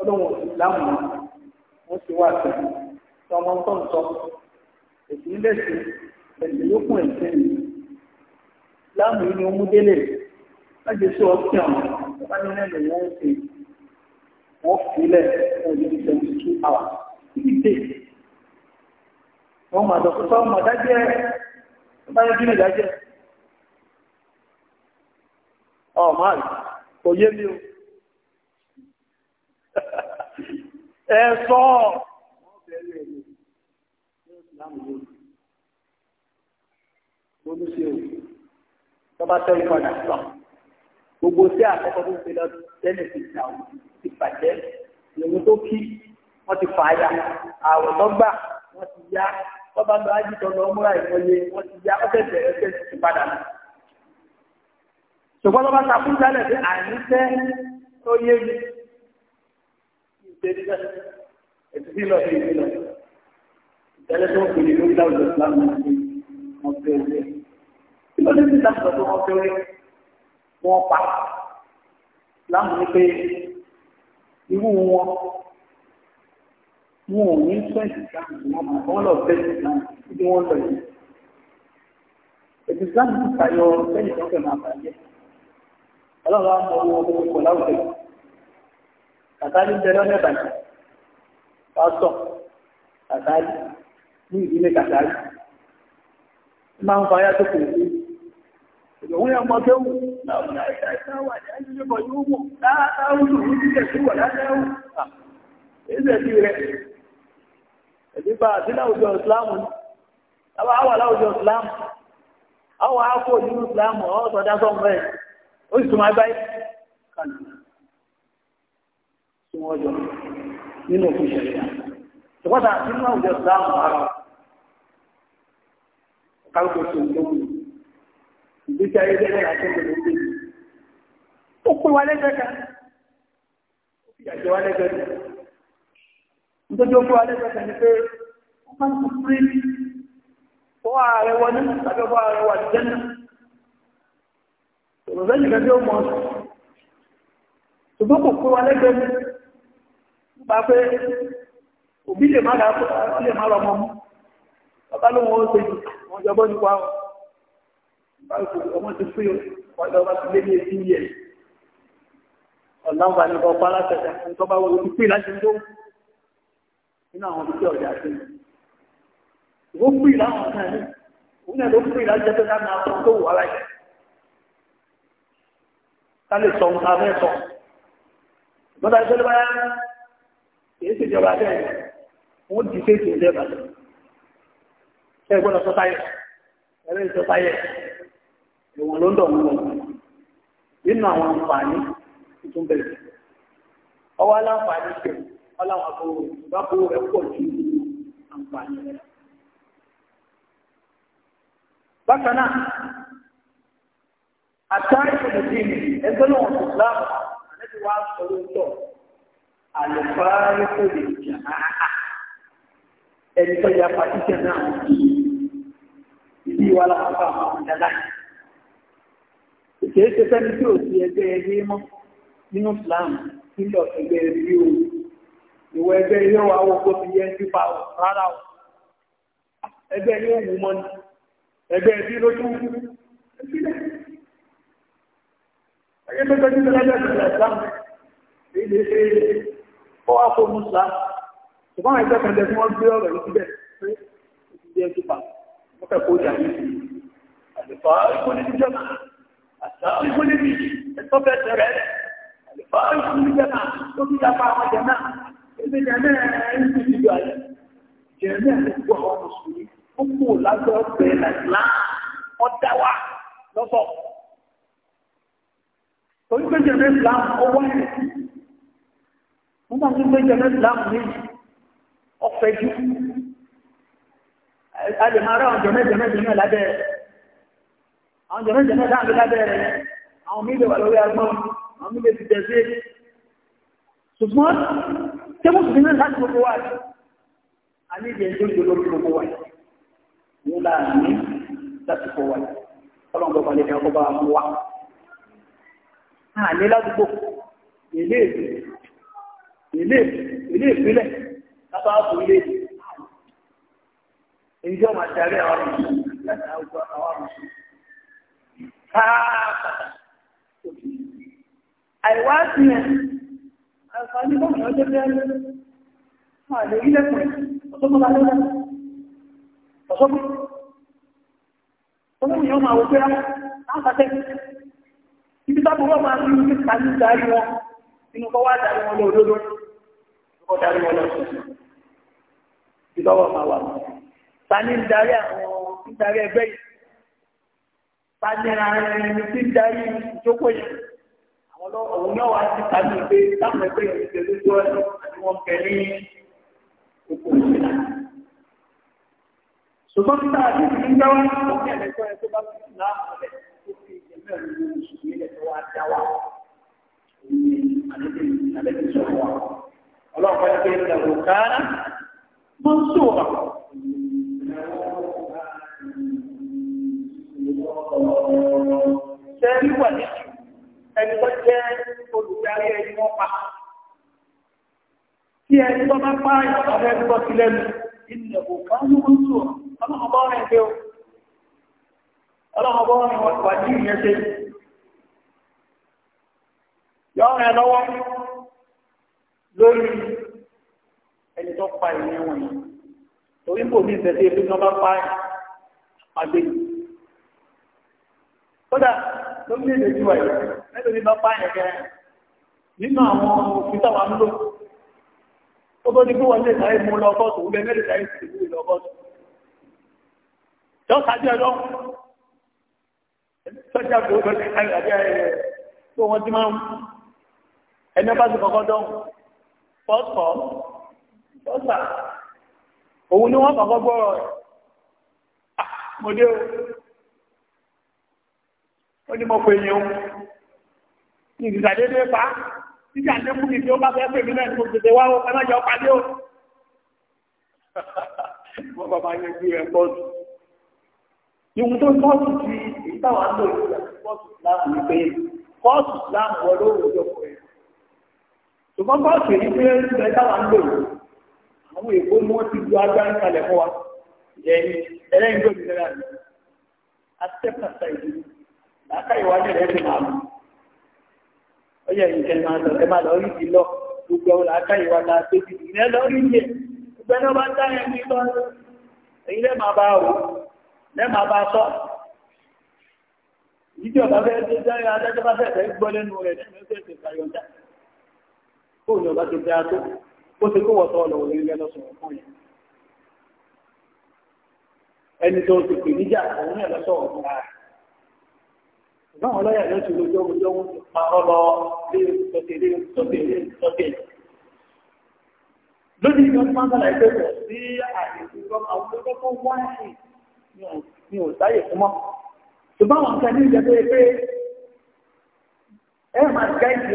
ọlọ́wọ̀n ìsìláàmù wọ́n ti wá sí tọmọ tọ́ǹtọ́ èsì lẹ́sìn ẹ̀sìn ló kún ẹ̀sìn yìí láàmú yìí ni ó mú délé láti ṣe ọtí ọ̀hún wọ́n bá ní lẹ́nu wọn ń ṣe wọ́n fílẹ̀ ẹ̀sìn ní twenty two hours three days wọ́n máa dọ̀kú sọ́ọ́ mọ̀ dájẹ́ wọ́n bá yẹ kí ni dájẹ́ ọ̀ máa kò yé mi o. [laughs] ẹ̀sọ́ tọ́ba tẹ́lẹ̀ padà sọ gbogbo tí àkọ́kọ́ tó ń pe lọ tẹ́lẹ̀ ti gbà ó ti bàjẹ́ ìròyìn tó kí wọ́n ti fà á ya àwọ̀ lọ́gbà wọ́n ti ya tọ́ba lọ ájútọ́ lọ múra ìmọ̀ye wọ́n ti ya ọ́sẹ̀ tẹ̀ ẹ́sẹ̀ ti padà lọ. ṣùgbọ́n tọ́ba ta fún jálẹ̀ pé àìní fẹ́ tó yé mi ṣe níbẹ̀ ètò sí lọ sí ìlú lọ ìtẹ́lẹ̀ tó ń pè ní lórí láwùjọ ìsìlámù náà ní wọ́n fẹ́ orí ẹ̀ kí ló dé sí láwùjọ tó wọ́n fẹ́ orí wọn pa láàmú ni pé irú wọn wọn ò ní sọ ìsìlámù wọn máa wọn lọ fẹ́ ìsìlámù kí wọ́n lọ yìí ètò ìsìlámù ti tayọ sẹ́yìn tó fẹ́ máa bàjẹ́ ọlọ́run á mọ owó owó kọ̀ láwùjọ àtàlí ń bẹ lọ́nà na pásítọ̀ àtàlí ní ìdílé kàtàlí máa ń fàyà tó kò sí na yà mọ́ ndị láwọn àìsà ìsáwà ní ayélujára yóò mọ̀ láàárùn ún jíjẹ̀ sí wà láàárùn ẹ̀ẹ́sẹ̀ ndị rẹ̀ ẹ̀dípa ọ tí wọ́n yọ nínú òfin ìṣẹ̀lẹ̀ yà. Ìwọ́ta àti nínú àwùjọ ìsìláàmù ara kálukú tó ń lóhùn. Ìgbésí ayé jẹ́ àti ìgbésí ayé jẹ́ ó pè wá lẹ́gbẹ̀ẹ́ kan ó fi àjọ wá lẹ́gbẹ̀ẹ́ kan. Nítorí ó pè wá lẹ́gbẹ̀ẹ́ kan ni pé wọ́n máa ń kú pírí fọ́ ààrẹ wọlé tàbí ọba ààrẹ wà ní jẹ́nà. Òrùlẹ́yìn kan tí ó mọ̀ ṣùgbọ́n kò pè wá lẹ́gbẹ̀ẹ́ bá pé òbí lè má lọ mọ́ mú bàbá ló wọ́n ṣe wọ́n jọ bọ́ nípa ọmọ ti fún ọ̀dọ̀ ọba ti lé ní etí yẹ ọ̀làǹfà ní ọba alátẹ̀tẹ̀ ní tọ́ba wo ti pè láti tó nínú àwọn ibi tí ọ̀dà ìwó pè láwọn ọ̀sán ẹ̀mí kìí ṣe ìjọba bẹ́ẹ̀ wọ́n ti ṣe ìṣe ìjọba ṣe gbọ́dọ̀ sọ táyẹ̀ ẹ̀rọ ìṣọ táyẹ̀ ìwọ̀n ló ń dọ̀ wọn nínú àwọn àǹfààní tuntun bẹ̀rẹ̀ ọwọ́ aláǹfààní ṣe ọláwọn àbúrò ìbábúrò rẹ̀ pọ̀ ju àǹfààní rẹ̀ bákan náà àtàrí ìṣẹ̀lẹ̀ sí ẹgbẹ́ náà ìsìláàmù àti wàá sọ̀rọ̀ ìjọ àlùfáàrí kò lè jà á ẹni tó yà pàtíkẹ̀ náà ìdí wa láwọn bá àwọn ọmọdé láti ìkéèké sẹ́ni tí ò sí ẹgbẹ́ ẹgbẹ́ mọ́ nínú Islam nílọ̀ ẹgbẹ́ ẹgbẹ́ o ìwọ ẹgbẹ́ ilé wa wo kó fi yẹ nípa o rárá o ẹgbẹ́ ilé òun mọ́ ni ẹgbẹ́ ẹbí lójú ẹbí lẹ́ ẹgbẹ́ tó tọ́jú tó lọ́jọ́ ìgbà Islam èyí lè ṣe é ó wá fún musa ṣùgbọ́n ẹgbẹ́ kan jẹ́ tí wọ́n gbé ọ̀rọ̀ yìí síbẹ̀ pé ó ti jẹ́ kípa ó fẹ́ kó jà ní ìlú àlùfà ìkọ́ni ní jẹ́mà àṣà ìkọ́ni ní ẹ̀tọ́ fẹ́ tẹ̀rẹ̀ àlùfà ìkọ́ni ní jẹ́mà tó fi yapa àwọn jẹ̀mà ebi jẹ̀mà ń fi ìlú ayẹ jẹ̀mà ń gbọ́ àwọn mùsùlùmí ó kú lájọ́ bẹ̀rẹ̀ làjìlá wọ́n dá wa lọ́sọ̀ torí pé jẹ̀mà ìlànà ó wáyé wọ́n bá tún gbé jẹ́mẹ́ ìsìláàmù méjì ọ̀fẹ́ jù a lè máa rá àwọn jẹ́mẹ́ jẹ́mẹ́ jẹ́mẹ́ lábẹ́ rẹ̀ àwọn jẹ́mẹ́ jẹ́mẹ́ dáàbí lábẹ́ rẹ̀ àwọn mílẹ̀ wà lórí agbọ́n àwọn mílẹ̀ ti tẹ̀sí ṣùgbọ́n tí mo sì ní láti gbogbo wa a ní ìdí ilé ìlú ilé ìpínlẹ̀ lábá ààbò ilé èyí tó máa darí àwọn mùsùlùmí láti àwùjọ àwọn mùsùlùmí káàkàtà òbí àìwá sílẹ̀ àǹfààní bọ́ọ̀lù ọjọ́ bí ẹni wọn àlè ilẹ̀ pẹ̀ ọ̀sọ́gbọ́n bá lọ́dọ̀ ọ̀sọ́gbọ́n ọmọ ìyọ́n máa wọ pé láǹfààní ibi tábùrọ̀ máa ń rí ní kàní darí wọn inú kọ́ wá darí wọn lọ́dọọdọ́ kó darí wọn lọ sí i lọ́wọ́ máa wà wọn. sani ń darí àwọn ń darí ẹgbẹ́ yìí sani ẹni tí ń darí ìjókòó yìí àwọn lọ́wọ́ òun náà wá sí sani pé táwọn ẹgbẹ́ yìí ti lójú ọ̀nà àti wọn bẹ̀ ní oko ìṣẹ̀lẹ̀. ṣùgbọ́n tí táwọn àti ìdílé ń gbá wá ní ọ̀gbìn ẹ̀lẹ́gbọ́n ẹ̀ tó bá fi ìlà ọ̀lẹ̀ tó fi ìjẹ̀mẹ́ òun ní oṣù nílẹ̀ tó wá dá wa. Àlejò ìsọ̀rọ̀ wa ọlọ́run kọ́ pé ìlú kára máa ń sòrò. sẹ́ẹ̀lì wà ní ẹni tó jẹ́ olùdarí ẹni wọ́n pa. tí ẹni tó bá pa ìtọ́jú ẹni tó ti lẹ́nu ìlú kára máa ń sòrò. ọlọ́run bá rẹ̀ gbé o ọlọ́run bá rẹ̀ wà ní ìyẹn ṣe. yọ ọ̀rẹ́ lọ́wọ́ lórí ẹni tó pa ìyẹn wọn yìí torí kò ní ìfẹsẹ̀ ìlú náà bá pa àgbè kódà lórílẹ̀-èdè tí wà yìí ní bá pa yẹn kẹ́ nínú àwọn òfin táwa ń lò ó tó ní kí wọ́n lè sáré mú lọ kọ́ọ̀tù ó bẹ mẹ́lẹ̀ sáré sì mú lọ kọ́ọ̀tù tó sájú ẹjọ́ sọ́jà kò bẹ̀rẹ̀ àgbẹ̀ tó wọ́n ti máa ń ẹni bá ti kọ́kọ́ dọ́hùn pọ́sọ̀ pọ́sà òun ni wọ́n kọ̀kọ́ gbọ́rọ̀ rẹ̀ ah, mo o ní mo pè yẹn o ní ìdìdàdédé pa títí àdékù mi tí ó bá fẹ́ pè náà ní mo tètè wá o [laughs] ìwọ̀n tó pọ́sù ti ìtawà ń lò ní pọ́sù láàmù pé pọ́sù láàmù ọlọ́run ìjọkùnrin ṣùgbọ́n bá ṣe ní pé ṣe táwa ń lò àwọn èkó ni wọ́n ti ju agbára ń kalẹ̀ fún wa ẹ̀yìn ẹlẹ́yìn tó ti tẹ́lẹ̀ àná àtẹ́kàtà ìlú láká ìwádìí rẹ̀ ti máa mú ó yẹ ìjẹ́ máa lọ ẹ máa lọ rí ti lọ gbogbo ọ̀la láká ìwádìí àti ti ìrìn ẹ lọ rí ti ẹ gbogbo ẹni ọba ń dá yẹn lọ èyí lẹ́ máa bá rò lẹ́ máa bá sọ ìdí ọba fẹ́ẹ́ kóò ní ọba ti dáa tó ó ti kó wọ́tọ́ ọlọ́wọ́ lórí ẹ lọ́sọ̀rọ̀ fún yẹn ẹni tó ti pè níjà òun náà lọ́sọ̀rọ̀ fún ara ṣùgbọ́n àwọn ọlọ́yà ló ti lójú ọmọ tó ń parọ́ lọ lé sọ́tẹ̀lé sọ́tẹ̀lé sọ́tẹ̀lé lójú ìgbà tó máa ń bàlá ẹgbẹ́ sí àyèkú àwọn olóògbé tó wá sí ni ò sáyè fún mọ́ ṣùgbọ́n àwọn kan ní ìjẹ́ pé ẹ máa gáìdì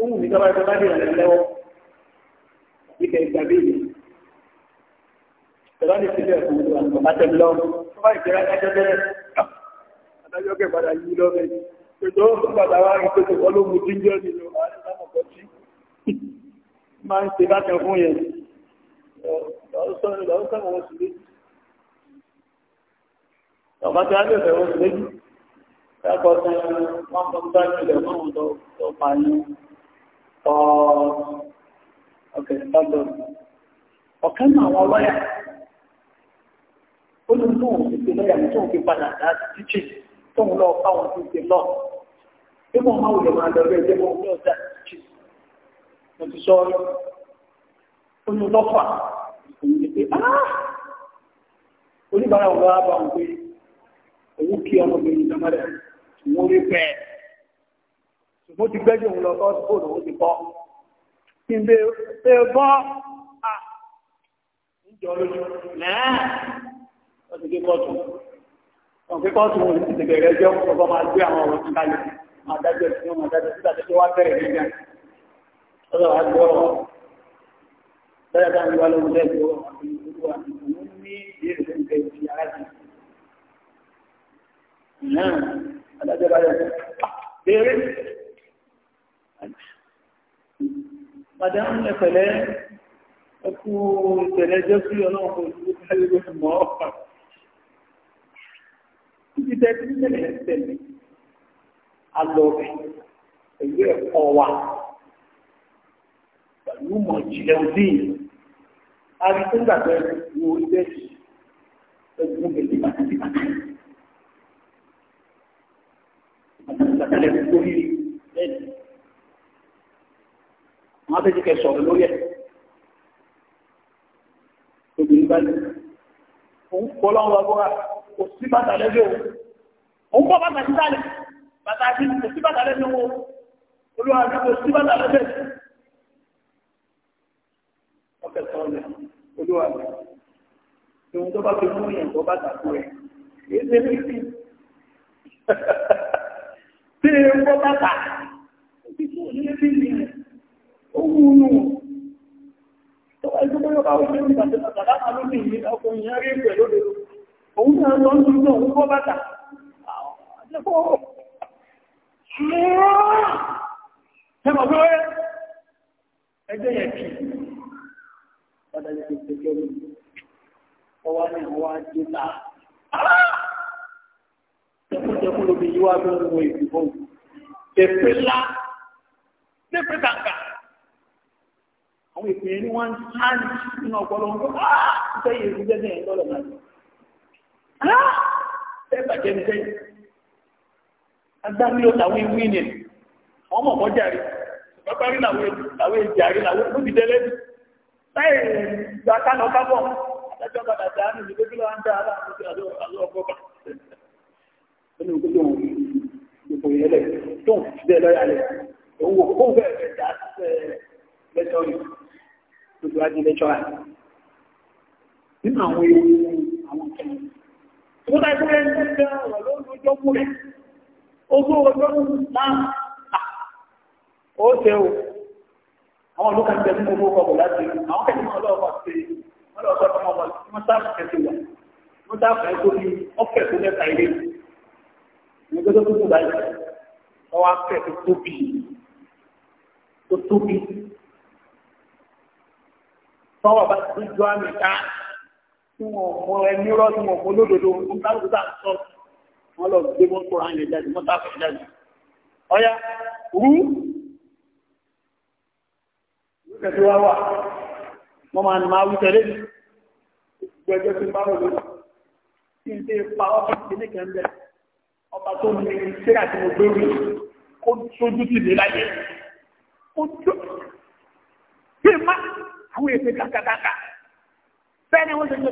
ohun mi tọ́ba tọ́ba lè rẹ̀ lẹ́wọ́ ìkẹ́ ìgbà bíi tọ́ba lè fi bẹ́ẹ̀ fún ìwà tọ́ba tẹ̀ lọ tọ́ba ìkẹ́rẹ́ adájọ́ bẹ́ẹ̀ adájọ́ kẹ́ padà yí lọ́fẹ̀ ètò ìpàdà wa rí pé tòkọ́ ló mú jíjọ́ nínú máa ń ṣe bákan fún yẹn lọ́wọ́ sọ̀rọ̀ wọn sì léjì ọ̀bá tí a lè fẹ́ wọn sì léjì káàkọ́ Uh, ọ̀kan náà àwọn lọ́yà ó ní tó òun ti ṣe lọ́yà ní tó òun fi padà dá títì tó ń lọ fáwọn tó ṣe lọ bí mo máa wùlọ máa lọrẹ ẹgbẹ́ wọn lọ dá títì mo ti sọ ọ́ ah! oníbàárà wọn bá wọn pé òun kí ọmọbìnrin ìjọba rẹ̀ rí bẹ́ẹ̀. mo ti gbẹ́jì òun lọ kọ́ sóòlù ó ti kọ́ kí n à ń jọ lójú lẹ́ẹ̀ ó ti gé kọ́ọ̀tù òun ti bẹ̀rẹ̀ ẹjọ́ ọgbọ́ máa gbé àwọn ọ̀rọ̀ ti kalẹ̀ máa dájọ́ ìsinmi máa dájọ́ síta tó wá bẹ̀rẹ̀ nígbà ọ̀rọ̀ wa gbọ́ ọ̀rọ̀ lọ́yà táwọn ìwà lọ́wọ́ lẹ́gbẹ̀ẹ́ ọ̀rọ̀ àti olúwa ìlú ní ìdí aráàlú Màdámù ẹ̀fẹ̀lẹ́ ẹkú ìtẹ̀lẹ́ jẹ́ sí ọlọ́run kò sí ìtẹ́lẹ́ mọ́ ọ̀pá. Títí tẹ́tí tẹ́lẹ̀ tẹ́lẹ̀ alọ́ọ̀bẹ̀ pẹ̀lú ẹ̀kọ́ wa pẹ̀lú mọ̀ ìjìnlẹ̀ òdì àrí tó gbàgbẹ́ wo ilé ẹgbẹ́ gbèsè pàtàkì pàtàkì pàtàkì pàtàkì lẹ́nu lórí lẹ́nu wọ́n fẹ́ jẹ́kẹ́ sọ̀rọ̀ lórí ẹ̀ obìnrin bá ní òun kọ́ lọ́wọ́ wa bọ́ra kò sí bàtà lẹ́gbẹ̀ẹ́ o òun kọ́ bàtà sí sálẹ̀ bàtà sí kò sí bàtà lẹ́gbẹ̀ẹ́ o olúwa ní kò sí bàtà lẹ́gbẹ̀ẹ́ ọkẹ́ sọ̀rọ̀ lẹ́ olúwa ní ohun tó bá fi mú yẹn tó bàtà fún ẹ èyí ṣe ní sí tí ẹ ń bọ́ bàtà òbí fún òní ohun tó ẹgbẹ́ pẹ́lú káwọ́ ṣe ń gbàtẹ́ tàbí alóbìn ní ọkùnrin yẹn rí pẹ̀lú lórí òun náà lọ ń dúró òun bọ́ bàtà ẹgbẹ́ yẹn kì Ọ̀dá yẹn ti tẹ́jọ́ mi, ọwá ni àwọn àjíta. Jẹ́kúnjẹ́kún lóbi yíwá bí wọ́n ìgbìmọ̀. Èpè ńlá, ní pẹ́tàkà, àwọn èèyàn ní wọ́n hàn nínú ọpọlọ wọn pé ah, ṣe yìí ah, ti jẹ́jẹ́ yẹn lọ́lọ́ náà ṣe bàjẹ́ ní sẹ́yìn agbámi làwọn ewu ni wọ́n mọ̀ kọjá rí pápárí làwọn èjì àrí làwọn ewu gbogbo adé lẹ́jọ́ nínú àwọn ewu àwọn kẹ́lẹ̀ tó dá ń tẹ́lẹ̀ ọ̀rọ̀ lórí ọjọ́ mú rẹ̀ ogún ọjọ́ mú máa ó tẹ́ o àwọn olùkà ń tẹ́lẹ̀ mú ọkọ̀ láti àwọn kẹ́lẹ̀ mọ́ ọlọ́ọ̀kọ̀ sí ọlọ́ọ̀kọ̀ tó mọ́ ọmọ tí wọ́n sáà fẹ́ sí wà wọ́n sáà fẹ́ tó ní ọ̀fẹ́ tó mẹ́ta ilé ní gbọ́dọ̀ tó tó báyìí ọwọ́ afẹ́ tó tóbi tó tóbi tọ́wọ́ bá ti jọ àmì ká tí wọ́n mọ ẹni rọ́ tí wọ́n mọ olódodo ń kálukú tá à ń sọ wọ́n lọ gbé mọ́tò àyè jáde mọ́tò àfẹ́ jáde ọ̀yá rú kẹtù wá wà wọ́n máa máa wí tẹ̀lé ní gbẹ̀gbẹ̀ tí bá wọ́n lórí tí ń tẹ́ pa ọ́fíìsì ní kẹ́ńbẹ̀ ọba tó ní sẹ́rà tí mo gbé wí kó sójú sí mi láyé kó tó kí n má àwọn èsè kàkàkàkà bẹ́ẹ̀ ni wọ́n ti sọ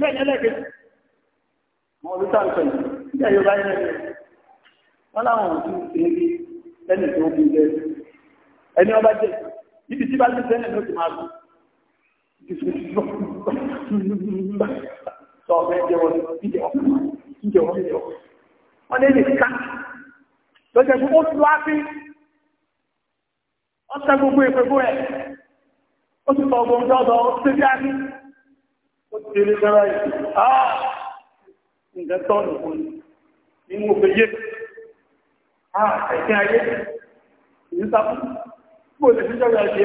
mọ orí tá à sọ yìí nígbà yóò yẹn lẹ́yìn wọn láwọn ò tún ṣe bí ẹni tó bí jẹ ẹni ọba jẹ ibi tí bá ti sẹ́yìn ló ti máa lò sọ ọbẹ̀ jẹ wọn jíjẹ wọn jíjẹ wọn jíjẹ wọn wọn lè ká lọ́jọ́ ìgbókòó tó gbogbo ìpẹ́gbó rẹ̀ ó ti sọ ọgbọ̀n jọ́dọ̀ ó ti ó ti rí gẹ́rọ ìsìn àà ǹkan tọ́nù kò ní nínú òfin yé àà ah! ẹ̀sìn ayé ìrìnsàkú kò lè fi jọ́gbà ṣe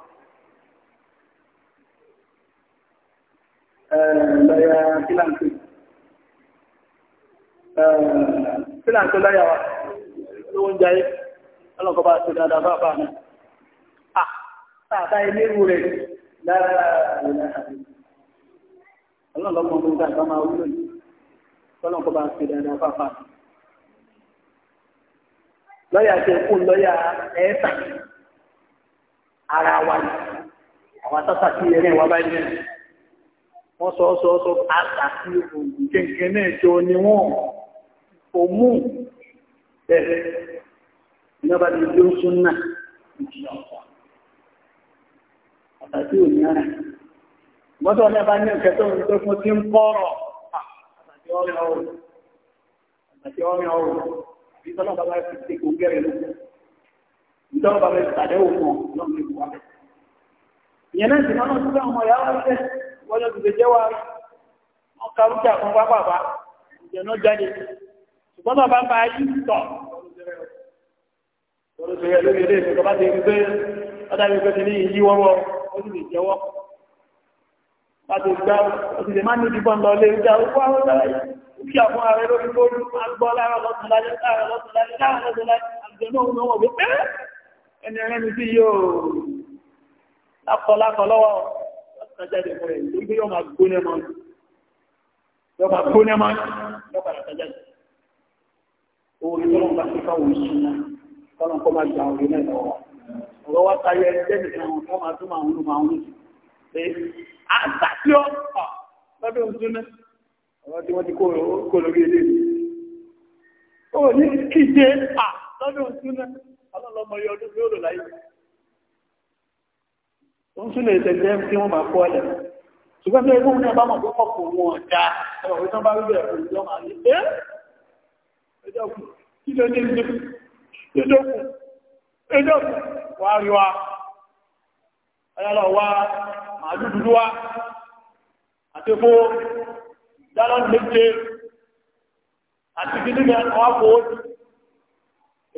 lọ́yà kílàǹtì kílàǹtì lọ́yà wa ló ń jayé ọlọ́kọ̀ bá ti dáadáa bá bá mi àtàtà ilé ìwò rẹ̀ lára ìlà ọlọ́lọ́pọ̀ ọmọ ìgbà àbámá wúlò yìí ọlọ́kọ̀ bá ti dáadáa bá bá mi lọ́yà ṣe kú lọ́yà ẹ̀ẹ́sà ara ni àwọn atọ́ta wọ́n sọ sọ sọ àtàkì òògùn kẹ̀kẹ́ náà jọ ni wọ́n ò mú bẹ̀rẹ̀ ìjọba ní ilé oṣù náà ìjìyà ọ̀pọ̀ àtàkì òní ara mọ́tò ọ̀nà bá ní ìkẹtọ́ òní tó fún tí ń kọ́rọ̀ àtàkì ọ̀rẹ́ ọ̀rọ̀ àtàkì ọ̀rẹ́ ọ̀rọ̀ àbí tọ́lọ́ bàbá fi ṣe kò gẹ́rẹ̀ lóko ìjọba bàbá fi ṣàdéhùn kan lọ́nà ìwà bẹ̀. ìyẹn náà sì máa ń tún àwọn ọmọ ìyá wa wọ́n ló dùgbẹ́ jẹ́ wá wọ́n ka rúkà fún pápápá ìjẹ̀nà jáde ṣùgbọ́n bàbá ń bá yí tọ̀ lọ́dọ̀dọ̀rẹ́ lórí ilé ìfẹ́ bá ti rí pé ọdájú pé ti ní ìyí wọ́wọ́ ó sì lè jẹ́wọ́ láti gbá ó sì lè má ní ìdíbọn lọ lé ìjà ó wá wọ́n lára yìí kí àwọn ààrẹ lórí bóòlù agbọ́ lára lọ́tún láyé lára lọ́tún láyé lára lọ́tún láyé àgbẹ̀ náà ń wọ̀ wípé ẹni ẹni tí yóò lápọ̀ lápọ̀ lọ́wọ́ tájáde fún ẹ̀ nítorí pé yọ́ máa gbóná mọ́ yọ́ máa gbóná ti kó lórí ilé ó ní kíje à lọ́dún tún náà ọlọ́lọ́mọ yọ ọdún lóòrò láyé ó tún lè tẹ̀lé kí wọ́n máa kọ́ ẹ̀ ṣùgbọ́n bí ẹgbẹ́ òun náà bá mọ̀ pé kọ́kọ́ wọn ọ̀dà kí ní ìjọ kò ó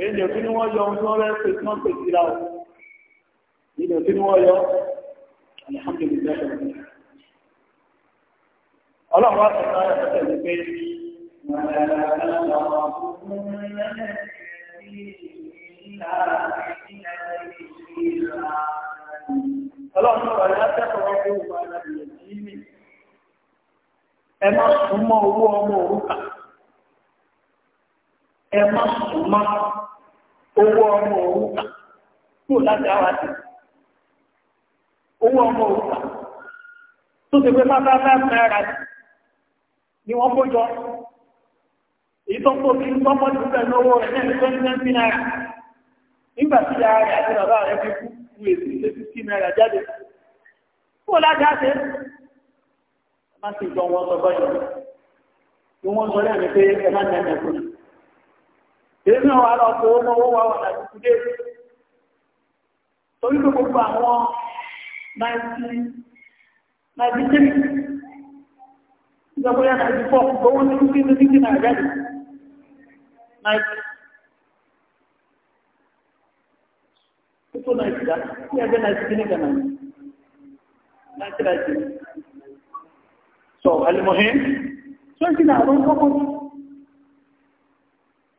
èyí lè fi ní wọn yọ ohun tí wọn fẹ́ pè tí wọn pè nínú tí wọ́n yọ súnmọ́ owó ọmọ òrùka súnmọ́ owó ọmọ òrùka láti owó ọmọ òkúta tó ti pé pátá náà náírà ni wọ́n kó jọ èyí tó kó bí tọ́pọ̀ tó bẹ̀ lọ́wọ́ rẹ̀ náà ní twenty twenty náírà nígbà tí ara rẹ̀ àti bàbá rẹ̀ fi kú kú èsì ilé fifty náírà jáde kó lájà ṣe má sì jọ wọn sọ báyìí ni wọ́n sọ lẹ́nu pé ẹ má nà ẹ̀kọ́ èyí náà wà lọ owó wa wà láti kú torí pé gbogbo àwọn 1993 ìgbàgbọ́ yá 94 gbogbo ní kí ní kí ní àjáde 90 tó 90 dá sí ẹgbẹ́ 90 ní kanáà 1990 sọ alìmọ̀hẹ́ tó ń kí ní àwọn ọkọ̀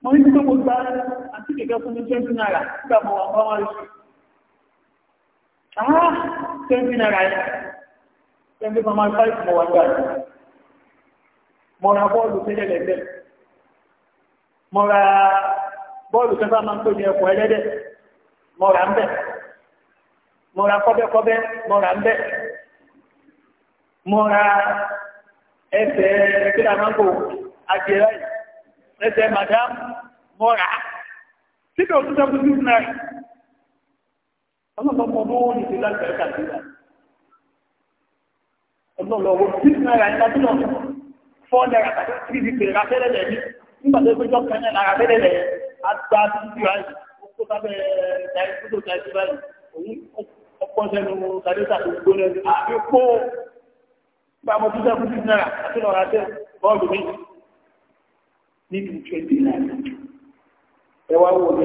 mọ̀ ní gbogbo gbá àti kẹ̀kẹ́ fún ní 20 náírà gbàmọ̀ àwọn ọmọ ìṣẹ́ ah twenty naira yẹn twenty comma five mo wà gbà yìí mo ra bọ́ọ̀lù tẹ́lẹ̀lẹ́gbẹ̀ mo ra bọ́ọ̀lù tẹ́fà máa ń pè ní ẹ̀kọ́ ẹlẹ́dẹ̀ mo ra ń bẹ̀ mo ra kọ́bẹ́kọ́bẹ́ mo ra ń bẹ̀ mo ra ẹsẹ̀ kílà máa ń kò àjẹ́ láì ẹsẹ̀ màdám mo rà á ọlọ́run mọ bó ní ti láti ẹ̀ka sí wa ọlọ́run ọwọ́ tí ní ara ẹ̀ka tó lọ́nà fọ́ náírà tàbí tí ti pèrè afẹ́lẹ́ lẹ̀ ní nígbà tó gbé jọ́kàn náà lára afẹ́lẹ́ lẹ̀ àgbà títí wa yìí ó kó sábẹ́ ẹ̀ka tó ta ẹ̀sìn báyìí òun ọkọ̀ sẹ́nu sàdéṣà tó gbóná ẹ̀sìn àbí kó gba mọ́ títí ẹ̀kú títí náírà àti lọ́ra tẹ́ bọ́ọ̀lù mi nínú twenty nine ẹ̀wá wò ní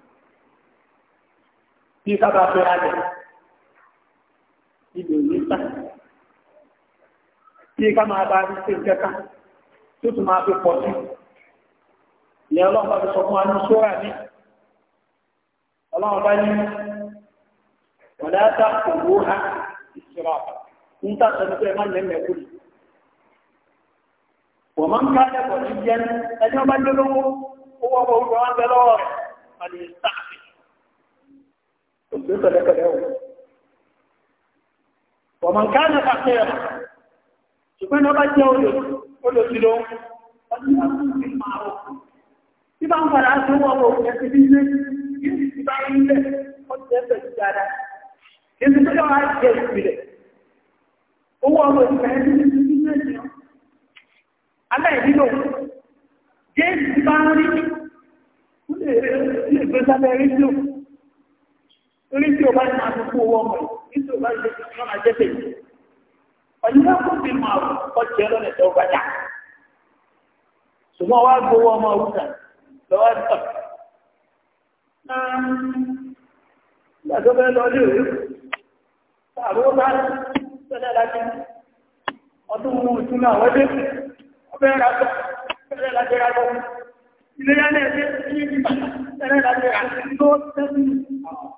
bí sábà fẹ́ra jẹ ìlò nípa tí ká máa bá rí sí ìjẹta tó tún máa fi pọ̀ sí ìyẹn ọlọ́run bá fi sọ fún anú sóra ní ọlọ́run bá ní ọ̀dáta òwò ha ìṣirà ń tàṣẹ nípa ẹ̀ má lẹ́mẹ̀ẹ́ kúrò wọ́n máa ń ká lẹ́kọ̀ọ́ ní jẹ́ ẹni ọba jẹ́ lówó owó ọkọ̀ òwúrọ̀ wọn bẹ lọ́wọ́ rẹ̀ òṣèlú pẹ̀lẹ́pẹ̀lẹ́ o ọmọ nǹkan náà pàṣẹ rẹ̀ ṣùgbọ́n náà bá jẹ́ olóṣìlò ọdún náà fún mi máa rọ̀ tí bá ń padà tó wọ́n wọ́n òun ẹ̀sìn bí ilé yìí ti bá rí ilẹ̀ ọdún ẹ̀sẹ̀ ti dáadáa èsì tó dáwà jẹ ìpìlẹ̀ owó ọmọ ìgbà ẹ̀sìn bí ilé ti rán aláìnílò jẹ́ ìsìn bá ń rí torí tí o bá ní máa owó ọmọ yìí tí o bá ṣe fi ọmọ àjẹsẹ̀ yìí ọ̀yìnbá kò fi máa rò ọjọ́ lọ́nà tó bá dà ṣùgbọ́n wá gbowó ọmọ òwúta lọ́wọ́ tọ̀ nígbà tó fẹ́ lọ lé òwe tààrọ́ bá sẹ́lẹ̀ láti ọdún ìtúnú àwọn ẹgbẹ́ ọbẹ̀ rà sọ sẹ́lẹ̀ láti rà sọ ilé yálẹ̀ ẹgbẹ́ ilé ìgbà rà sọ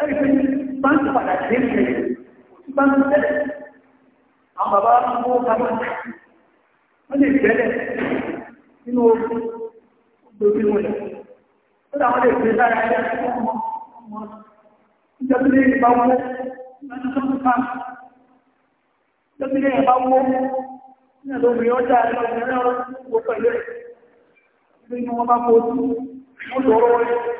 ẹni pé báńkì padà dé ṣe báńkì tẹ́lẹ̀ àwọn bàbá mú kábà wọ́n lè bẹ̀rẹ̀ nínú ogun gbogbo wọn lẹ̀ ó dà wọ́n lè gbé lára ẹgbẹ́ ọmọ ọmọ ìjọba ilé ìgbà wọ́n lọ́dún lóbìnrin ẹ̀ bá wó ní ẹ̀lóbìnrin ọjà ẹ̀lọ́bìnrin ọ̀rọ̀ pẹ̀lú ẹ̀ nínú wọn bá kó tún ó lọ́rọ̀ rẹ̀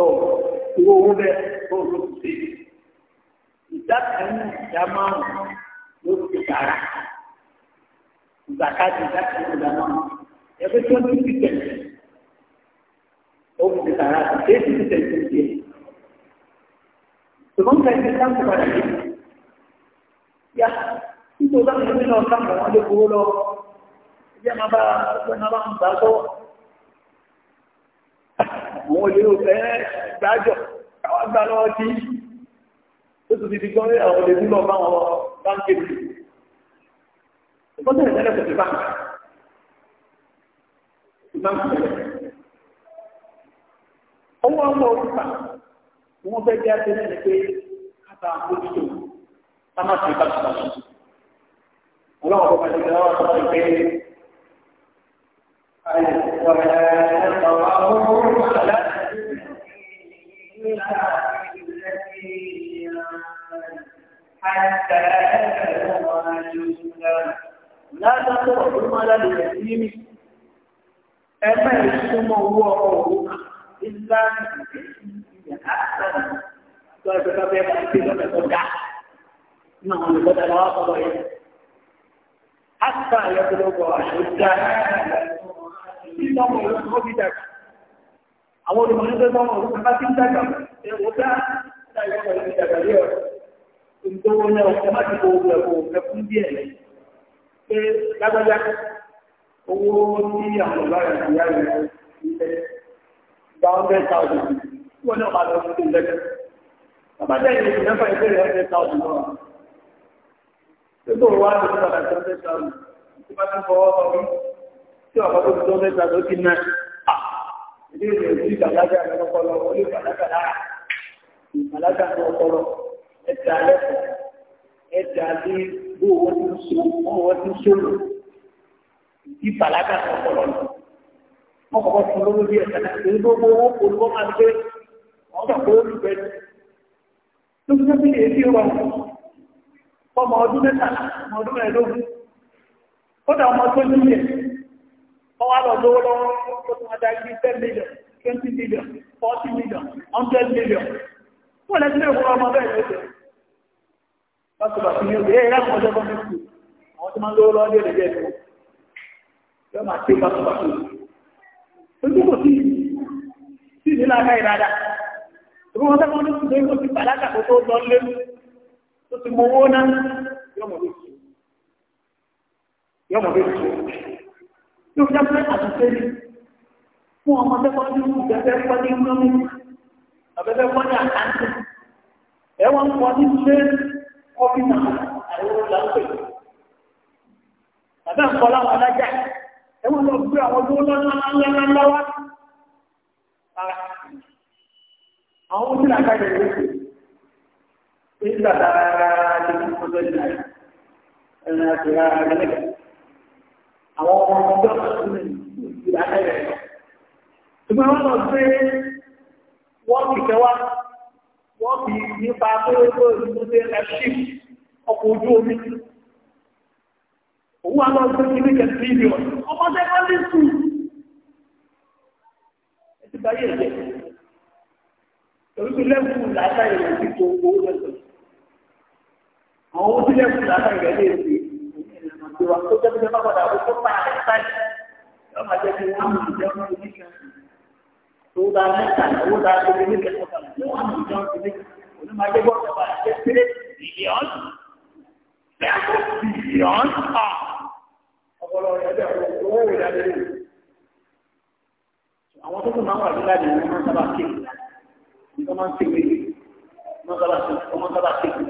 tó irú owó bẹ́ẹ̀ tó ló ti ṣe ìdá kan ní ìdá márùn-ún ló ti dára zakati ìdá kan ní ìdá márùn-ún ẹgbẹ́ tí wọ́n ti fi tẹ̀ ó ti dára ṣé ti fi tẹ̀ ti fi tẹ̀ ṣùgbọ́n ká ẹgbẹ́ sáǹkì padà yé yá nítorí o ló ń lọ sáǹkì wọn lé kúrò lọ ẹgbẹ́ máa bá ẹgbẹ́ máa bá ń gbà sọ́wọ́ àwọn olèrò fẹ́ gbájọ̀ káwà gbá lọ́wọ́ tí ó tún ti di gbọ́n àwọn olè nílọ bá wọn báńkì rẹ̀ ìfọ́tẹ̀ ìtẹ́lẹ̀ kò ti bá ọwọ́ ọmọ òkúta wọ́n fẹ́ jẹ́ àti lẹ́nu pé káta àkójútó ká má ti bàtà bàtà ọlọ́run kọ́ pàṣẹ kí wọ́n sọ pé ayé wọ́n حتى يبلغ أجله لا تقربوا المال باليمين أما يسمى هو أوروك إلا أحسن طيب طب يبقى كده ترجع إنه لقد لا قضى حتى يبلغ أشده إنه يخرج دك أول ما يبلغ أشده ẹ̀wọ̀dá láyé pẹ̀lú ìdàgbàlẹ́ ọ̀rọ̀. Ìgbówó náà ẹ má ti kó owó ẹ̀kọ́ òfẹ́ fún díẹ̀ lẹ́yìn. Pé lágbájá owó tí àwọn ọ̀gá rẹ̀ ti yá rẹ̀ ìfẹ́ gba hundred thousand. Wọ́n náà máa lọ sí ilé lẹ́gbẹ̀ẹ́. Lágbájá ìlú mẹ́fà ìfẹ́ rẹ̀ hundred thousand náà. Gbogbo wa ló ti padà sí hundred thousand. Tí wọ́n ti fọwọ́ ọkọ̀ mi, tí ọ̀pọ̀ tó ti tó hundred thousand ó ti náà ìbéèrè rẹ̀ ní ìgbàlágà ní ọpọlọ orí ìgbàlágà lára ìgbàlágà ní ọpọlọ ẹ̀dà lẹ́kọ̀ọ́ ẹ̀dà ní bó wọ́n ti ń so wọ́n wọ́n ti ń sọ̀rọ̀ ìgbàlágà ní ọpọlọ lọ. wọ́n kọ́kọ́ fún lówó bí ẹ̀ka náà èyí gbogbo owó olùkọ́ máa ń gbé wọ́n gbà pé ọdún mẹ́tàlá ọmọ ọdún mẹ́ẹ̀ẹ́dógún ọmọ tó ní ilẹ̀ ọwọ́ lọ lówó lọ́wọ́ tó tún adarí ten million twenty million forty million hundred million fún ẹ̀lẹ́sì lè wọ́n ọmọ bẹ́ẹ̀ lọ́sẹ̀ lọ́sẹ̀ bàtí ní oge ẹ̀rẹ́ àwọn ọjọ́ gọ́ọ̀mẹ́ntì skul àwọn tó máa ń lówó lọ́wọ́ lè jẹ́ ìlú yóò máa tẹ́ bàtí bàtí ojú kò sí sí ìdílé aká ìrada ìwé wọn sábà ní ṣùgbọ́n ìwé yóò jẹ́ pé àtúnṣe ni fún ọmọ tẹ́kọ́ ní ìlú ìgbẹ́fẹ́ kọ́ ní ìlú àbẹ́fẹ́ kọ́ ní àkáǹtì ẹ̀wọ̀n kọ́ ní ilé ọ́fíìsì àìwọ̀n làǹpẹ̀ àbẹ́ ń kọ́ láwọn alájà ẹ̀wọ̀n lọ gbé àwọn tó lọ́nà lọ́wọ́ àwọn tó ní àkáǹtì rẹ̀ ní ìgbà àwọn ọmọ ọjọ́ ìdánilẹ̀ lọ. Ṣùgbọ́n wọ́n lọ sí wọ́n ti kẹwa, wọ́n fi nípa tó tó ìdúnṣe ẹ̀ṣìn ọkọ̀ ojú omi. Òun wà lọ sí ilé kẹ bílíọ̀nù, ọmọ sẹ́kọ́ndì sùn. Ẹ ti bá yé ẹ̀jẹ̀. Torí pé lẹ́kùn làákà ìrẹsì tó owó lẹ́sẹ̀. Àwọn owó tí ìwà tó jẹ́ pé bá padà wọ́n tó pa àrẹ báyìí yóò máa jẹ́ pé wọ́n mú ìjọ ní ìlú kan tó dá mẹ́ta owó dá tó ní ìlú kẹfọ́ kan tí wọ́n mú ìjọ ní ìlú kan òní máa jẹ́ gbọ́dọ̀ bá jẹ́ péré bìlíọ̀n bẹ́ẹ̀ bìlíọ̀n ọ̀ ọ̀pọ̀lọ̀ rẹ̀ bẹ̀ owó rẹ̀ dábẹ́rẹ́ àwọn tó tún máa wà ní láti ní wọ́n sábà kéwì ní wọ́n máa ń kéwì wọ́n sábà kéwì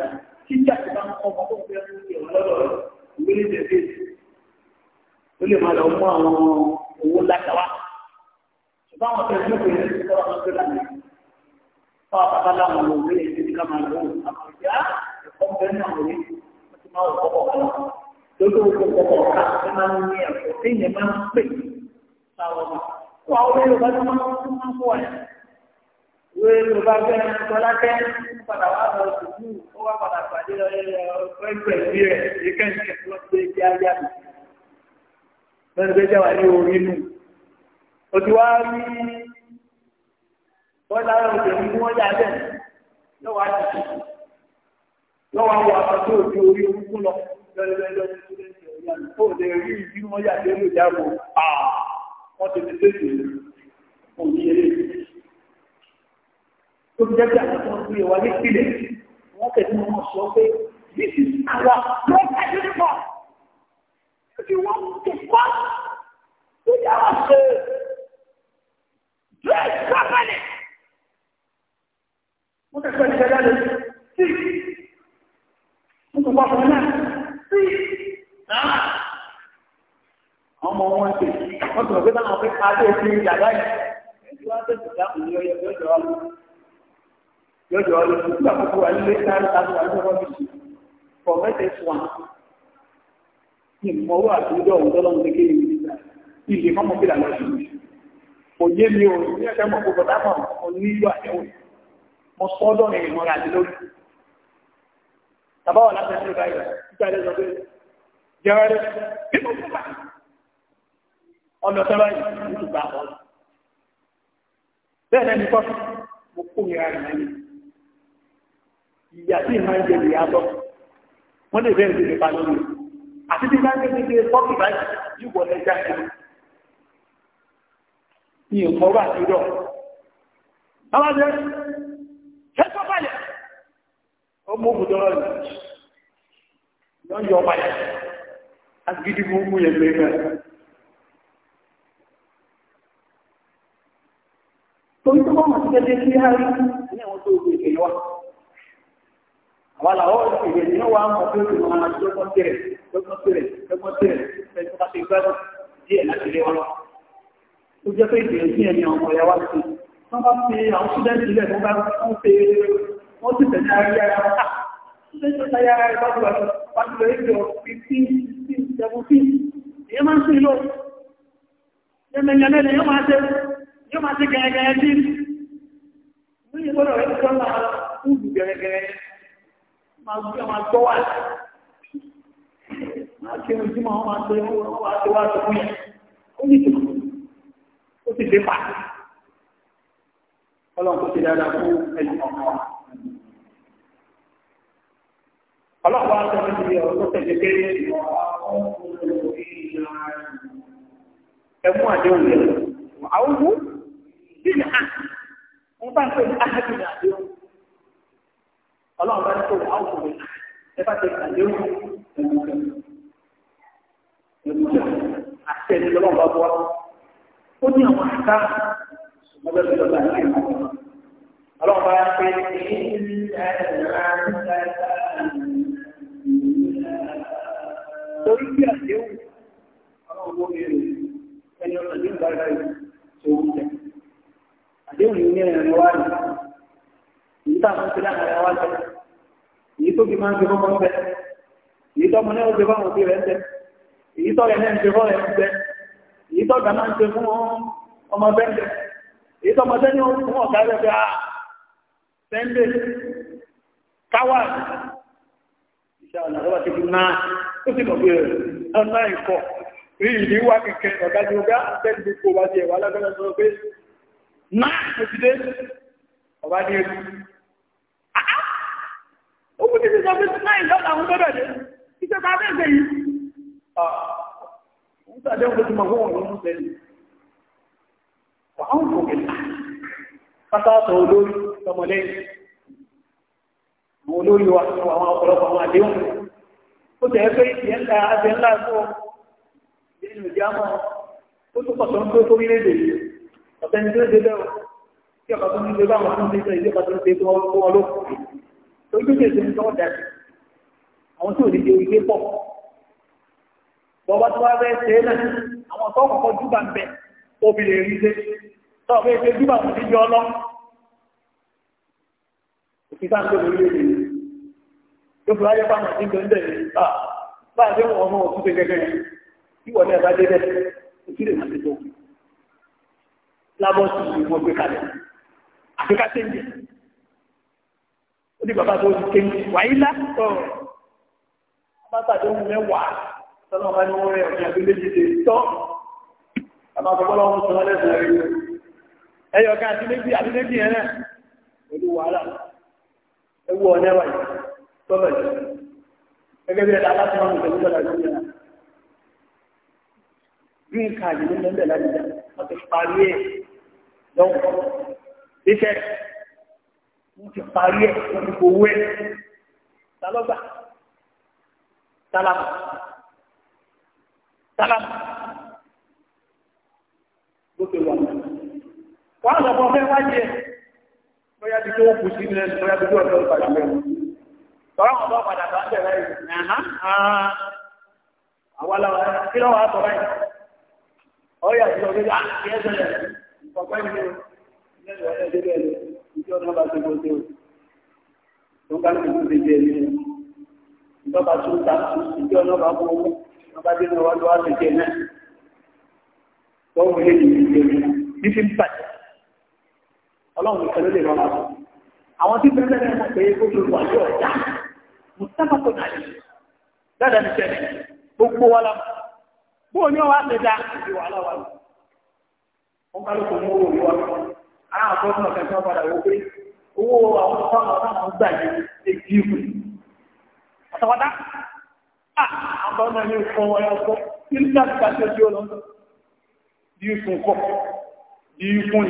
kíjà ti bá ń kọ́ ọmọ tó ń fẹ́ ìgbélé tẹ̀sí ó lè máa lọ mú àwọn owó látàwá ṣùgbọ́n àwọn tẹ̀sí òkè yẹn ti sọ́ra lọ́sẹ̀ lánàá fáwọn bàbá láwọn lò wí èyí ti ká máa lò wọ́n àwọn ìyá ẹ̀kọ́ bẹ́ẹ̀ náà wọlé wọ́n ti máa wọ̀ kọ́kọ́ ìwé tó bá fẹ́ tọ́lákẹ́ padà wà lọ sùkú ó wá padà pàdé ọ̀pẹ́pẹ́ sí rẹ̀ ìkẹ́ ìkẹ́ tó ṣe kí á yá mi. lọ́dún tó jẹ́ wà ní orí nù. o ti wá rí bọ́lá òjò ní wọ́n yá bẹ́ẹ̀ lọ́wọ́ àti sùkú lọ́wọ́ àwọn àpàtó òjò orí orúkú lọ lọ́dún tó lè rí ìdí wọ́n yá bẹ́ẹ̀ lójà bò. wọ́n ti ti tètè òní eré tó fi jẹ́jẹ́ àwọn tó ń ní sílẹ̀ wọ́n tẹ̀sí wọn sọ pé this is our local uniform if you want to come to our school dress properly wọ́n tẹ̀sí wọn jẹ́jẹ́ lọ sí wọ́n tún wá fún náà sí ọmọ wọn ṣe wọ́n tún lọ pé báwọn fi pa á tó ṣe ìjàgbá yìí yọjọ ọ lọsùn nígbà gbogbo wà nílé sáré tàbí wà lọ́wọ́ mi sùn for message one ní mọ́wọ́ àtúndọ̀ ọ̀hún tọ́lọ́ ní kéde ìlú ìgbà ilé mọ́mọ́ bí làwọn ṣe kò yé mi o ní ẹ̀fẹ́ mọ̀ kò bọ̀dá mọ̀ mo nílò àtẹ̀wò mo sọ ọ́ dọ̀rọ̀ ìmọ̀ rà lórí tàbá wà láti ẹ̀ṣẹ̀ báyìí títà ilé sọ pé jẹ́rẹ́rẹ́ bí mo fún bá ọ̀nà tẹ́lá yìí ní ìgbà bọ́ọ̀lù bẹ́ẹ̀ lẹ́nu kọ́ mo kó mi ra ìrìn ìyá tí ìmọ̀ ń jẹ lè yá bọ́ wọ́n lè bẹ́ẹ̀ lè pa lórí àti tí bá ń gbé kékeré fọ́ọ̀kì báyìí yóò wọlé jáde ní ìmọ̀ wà sí rọ̀ àwọn àjẹ́ kẹ́kọ̀ọ́ báyẹ̀ ọmọ òbúdọ́ rẹ̀ lọ́n yọ báyẹ̀ agidi gbogbo yẹn pé mẹ́ torí tó bá wọn ti gẹ́gẹ́ sí àárín ní àwọn tó gbé wá àwọn làwọn ìṣèlè ní wàá mọ̀ tó ti máa lọ́gbọ́n tẹ̀rẹ̀ lọ́gbọ́n tẹ̀rẹ̀ lọ́gbọ́n tẹ̀rẹ̀ fẹ́ẹ́ tó ti gbádùn díẹ̀ láti lé wọn lọ. ó jẹ́ pé ìbẹ̀rẹ̀ sí ẹni ọmọ ìyá wa ti wọ́n bá fi àwọn ṣúdẹ́ǹtì ilẹ̀ tó bá ń pe wọ́n ti tẹ̀lé ayé ara wọn ká ṣúdẹ́ǹtì ayé ara ẹ̀ bá ti wà pàtó lórí ìjọ fifteen sixteen seventeen èyí máa ń sún ilé yẹmẹyẹmẹlẹ yóò máa ṣe yóò máa ṣe gẹ̀ẹ́gẹ̀ẹ́ máa gbé máa gbọ́ wà láì máa ṣe ojú máa máa gbé wọn wá ṣe wá ṣe fún yẹn ó ní ìtumọ̀ ó sì dé pa ọlọ́run kò ṣe dáadáa fún ẹ̀yìn ọ̀kan wa. ọlọ́run wa sọ fún mi ẹ̀mú àdéhùn yẹn àwọn ohun bí ní àhùn bá ń pè ní àhàbì ọlọ́run bá tó wà áwùjọ mi ẹ bá ti àdéhùn ẹ̀wùjọ ẹ̀wùjọ àti ẹ̀mí lọ́wọ́ bá bọ́ ó ní àwọn àká ṣùgbọ́n bẹ́ẹ̀ lọ́wọ́ àti ẹ̀mí ọlọ́run bá pé torí bí àdéhùn ọlọ́run bó ní ẹni ọ̀sán ní ìgbàgbà yìí tó ń tẹ̀ àdéhùn ní ẹ̀rọ wáyé ìyí táwọn ti láàárín wáyé èyí tó fi máa ń ṣe fọ́kọ́ ń bẹ èyí tó ọmọ náà ń ṣe fọ́kọ́ òbí rẹ̀ ń bẹ èyí tó rẹ̀ náà ń ṣe fọ́ rẹ̀ ń bẹ èyí tó ọ̀gá ah! máa ń ṣe fún ọmọ bẹ́ńdẹ̀ èyí tó ọmọ sẹ́ni fún ọ̀gá rẹ̀ bẹ́ à sẹ́ńdẹ̀ káwà iṣẹ́ ọ̀nà tó bá ti fi náà ó sì mọ̀ bí rẹ̀ ọ̀nà ìkọ̀ rí ìdí wá kẹ̀kẹ́ ọ̀gá òkú ti sọ pé láì lọ́ta àwọn gbọ́dọ̀ dé iṣẹ́ ká bẹ́ẹ̀ yìí ń tàbí ọkọ̀ tí mo gbọ́ wọn ló ń tẹ̀lé wàá ń kò kẹta pátá sọ olórí tọmọlẹ́yìn àwọn olórí wa àwọn ọ̀pọ̀lọpọ̀ àwọn àdéhùn ó tẹ̀ pé ìyẹn ń ta abẹ ńlá fún ọ nínú ìjámọ́ ó tún pọ̀tọ́ ń tó sórílẹ̀ ṣe bẹ́ẹ̀ tí ọ̀pọ̀ tó ń ṣe tó ń ṣe torí pé kèsì ní tọ́wọ́ dàbí àwọn tí ò ní di orí pọ̀ bọ́bá tó wá bẹ́ẹ̀ ṣe é náà àwọn tó kọ̀kọ́ dúbà ń bẹ obì lè rí ṣe tó ọ̀fẹ́ ṣe dúbà kò ní jọ lọ òfin sáà ń tó lórí èdè yóò fi wáyé pàmò sí gbẹ̀ndẹ̀ yìí bá a ṣe wọ̀ ọmọ òtún ṣe gẹ́gẹ́ yìí ìwọ̀n náà dé bẹ́ẹ̀ òtún lè má ti tó lábọ́ sí ìwọ̀n gbé kalẹ̀ àfikà ṣe ń jẹ́ ó ní bàbá tó ti ké ní wàyí lá tó ń mẹ́wàá tọ́lá ọba ní wọ́n rẹ̀ ọ̀nà àbí méjì tọ́ àmà àgbọ̀gbọ́lọ́ ọmọ sọ lẹ́sẹ̀ rẹ̀ ẹyọ ká àti méjì àti pẹ̀lú wàhálà ewu ọ̀nà wáyé tọ́lẹ̀ gẹ́gẹ́ bí ẹ̀dá aláṣẹ máa ń tẹ̀lé tọ́lá ìlú wọ́n ti parí ẹ̀ wọ́n ti gbowó ẹ̀ talọ́gbà tálámù tálámù ló ti wà lọ́wọ́. wọ́n á lọ bọ́ fẹ́ wájú ẹ̀ bóyá bí tó kù sí ilẹ̀ bóyá bí tó ọ̀dọ́ ìpàdé mẹ́rin. tọ́lá wọn bá padà bá bẹ̀rẹ̀ rẹ̀ àwọn aláwọ̀ kí lọ́wọ́ á báyìí. ọ̀yà ìjọba ìjọba ìjọba ìjọba ìjọ náà bá ti gbọ́dọ̀ tó ń bá ti gbọ́dọ̀ jẹ ní ìjọ bá tún ta ìjọ náà bá kó owó wọn bá dé náà wá lọ́wọ́ àti jẹ náà lọ́wọ́ ilé ìlú ìjọ ní ní fi ń bàjẹ́ ọlọ́run nìkan ló lè rọra sọ àwọn tí pẹ́ẹ́lẹ́ náà mọ̀ pé ó ti wà ní ọ̀dà mùsàmà kò náà yìí dáadáa ní sẹ́ni gbogbo wa la bóun ni wọ́n wá ti da ìwà aláwa wọn kálukú mú owó ìwà àwọn àkọ́kọ́ náà kẹta padà wọ pé owó àwọn ọmọ náà gbà ní èjì ìwé àtàwádá àwọn náà ní ìfọ́ wọn yà sọ nígbà tí a ṣe tí ó lọ bí ìfún kọ bí ìfún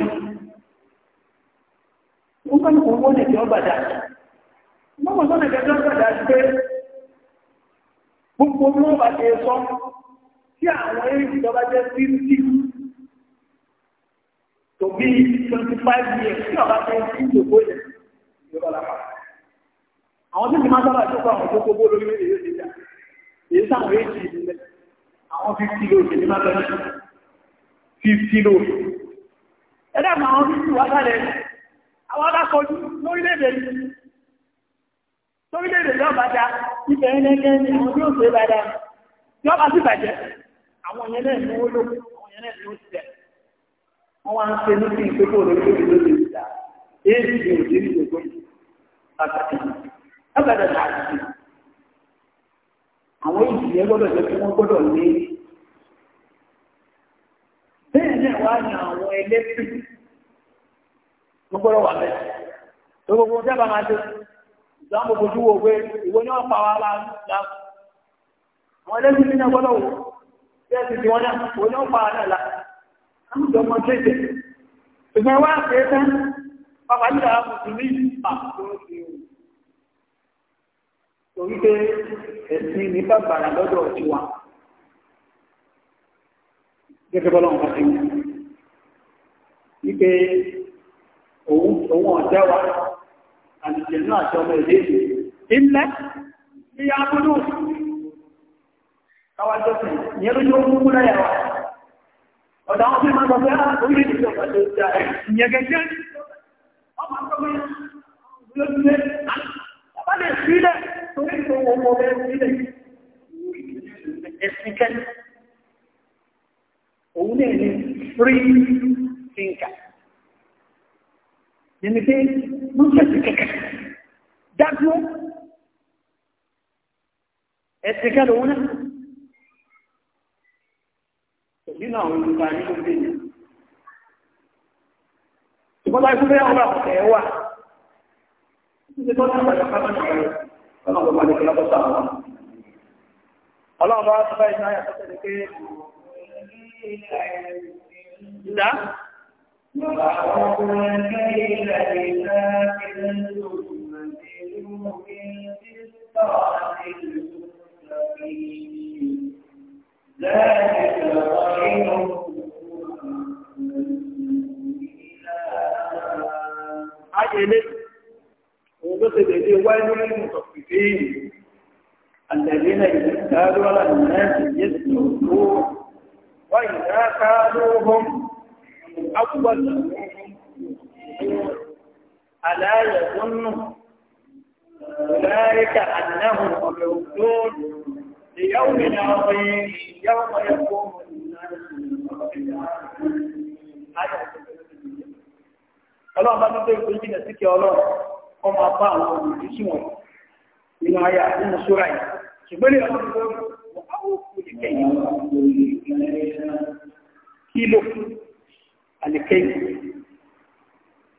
ni ó kọ́ ní kò wọ́n lè jẹ́ ọgbàdà mọ́mọ́ sọ́nà ìjọba ọgbàdà pé gbogbo mọ́ bá ṣe sọ tí àwọn èrè ìjọba jẹ́ sí tó bí twenty five years tí ọba fẹ́ sí ìjòkó yẹn ìjọba làpá. àwọn tí ti máa sábà tó kọ àwọn tó kó bó lórí èyí ti dà èyí sáwọn èyí ti ilẹ̀ àwọn fifty lóò ṣe ní máa bẹ̀rẹ̀ fifty lóò ṣe. ẹ dàgbà àwọn fifty wá sálẹ̀ àwọn adákọ̀ọ́jú lórílẹ̀-èdè yìí lórílẹ̀-èdè náà bá dá ibẹ̀ ẹlẹ́gẹ́ ni àwọn yóò ṣe bá dá yọ́ bá sì bàjẹ́ àwọn yẹn náà ni ó lò àwọn yẹn náà ni ó ti wọ́n wá ń ṣe ní kí ìpépò lórí lórí lórí ìjà èyí ti òdì ní gbogbo àgbàdì àgbàdì àti àwọn ìjìyẹ gbọ́dọ̀ jẹ́ kí wọ́n gbọ́dọ̀ ní bẹ́ẹ̀ náà wá ní àwọn ẹlẹ́sìn wọ́n gbọ́dọ̀ wà bẹ́ẹ̀ tó gbogbo ọjọ́ bá máa ṣe ìdáhùn gbogbo ojú wo pé ìwọ ni wọ́n pa wá láàrín àwọn ẹlẹ́sìn ní ọgbọ́dọ̀ wò bí ẹ ti wọn náà òun ni wọ́n pa wá náà láàrín àmúdọ̀mọ́ tẹ́jẹ̀ ṣùgbọ́n wá pẹ́ẹ́tán pàpà nílò àmùsùlùmí àkóòsì ohun torí pé ẹ̀sìn ní bàbàrà lọ́dọ̀ ọ̀tí wa gẹ́gẹ́ bọ́lá wọn ti wù wípé òun ọ̀já wa àtìjẹ̀ náà àti ọmọ ìdí ilẹ̀ ní abúlù káwájọ́sìn ìyẹn ló yóò mú láyà wa ọ̀dá wọn tí máa sọ pé ah, orílẹ̀-èdè ìjọba ló dá ẹ̀ ìyẹn gẹ́gẹ́ ọmọ akọ́gbẹ́ lójúlé bá lè sílẹ̀ torí tó wọ́n mọ́ bẹ́ẹ̀ sílẹ̀ ẹ̀sìnkẹ́ òun náà ni free thinker nínú pé mú jẹ́sì kẹ́kẹ́ dájú ẹ̀sìnkẹ́ lòun náà nínú àwọn olùgbà ní ló dé yẹn ṣùgbọ́n láti fún ẹ̀wọ̀n àkọ́kẹ́ wà Ọlọ́run bá sọ báyìí náà yàtọ̀ tẹ́lẹ̀ pé ìdá Thank you. A òun ló ṣe lèdè wáyé nínú ọ̀pìdé náà ìlú ka àdínáhùn ọ̀rẹ̀ òkú ليوم عظيم يوم يقوم الناس Ọlọ́run bá tún tó sí kí ọlọ́run ọmọ apá àwọn olùdíṣù nínú ayà nínú ṣúra yìí. wọ́n á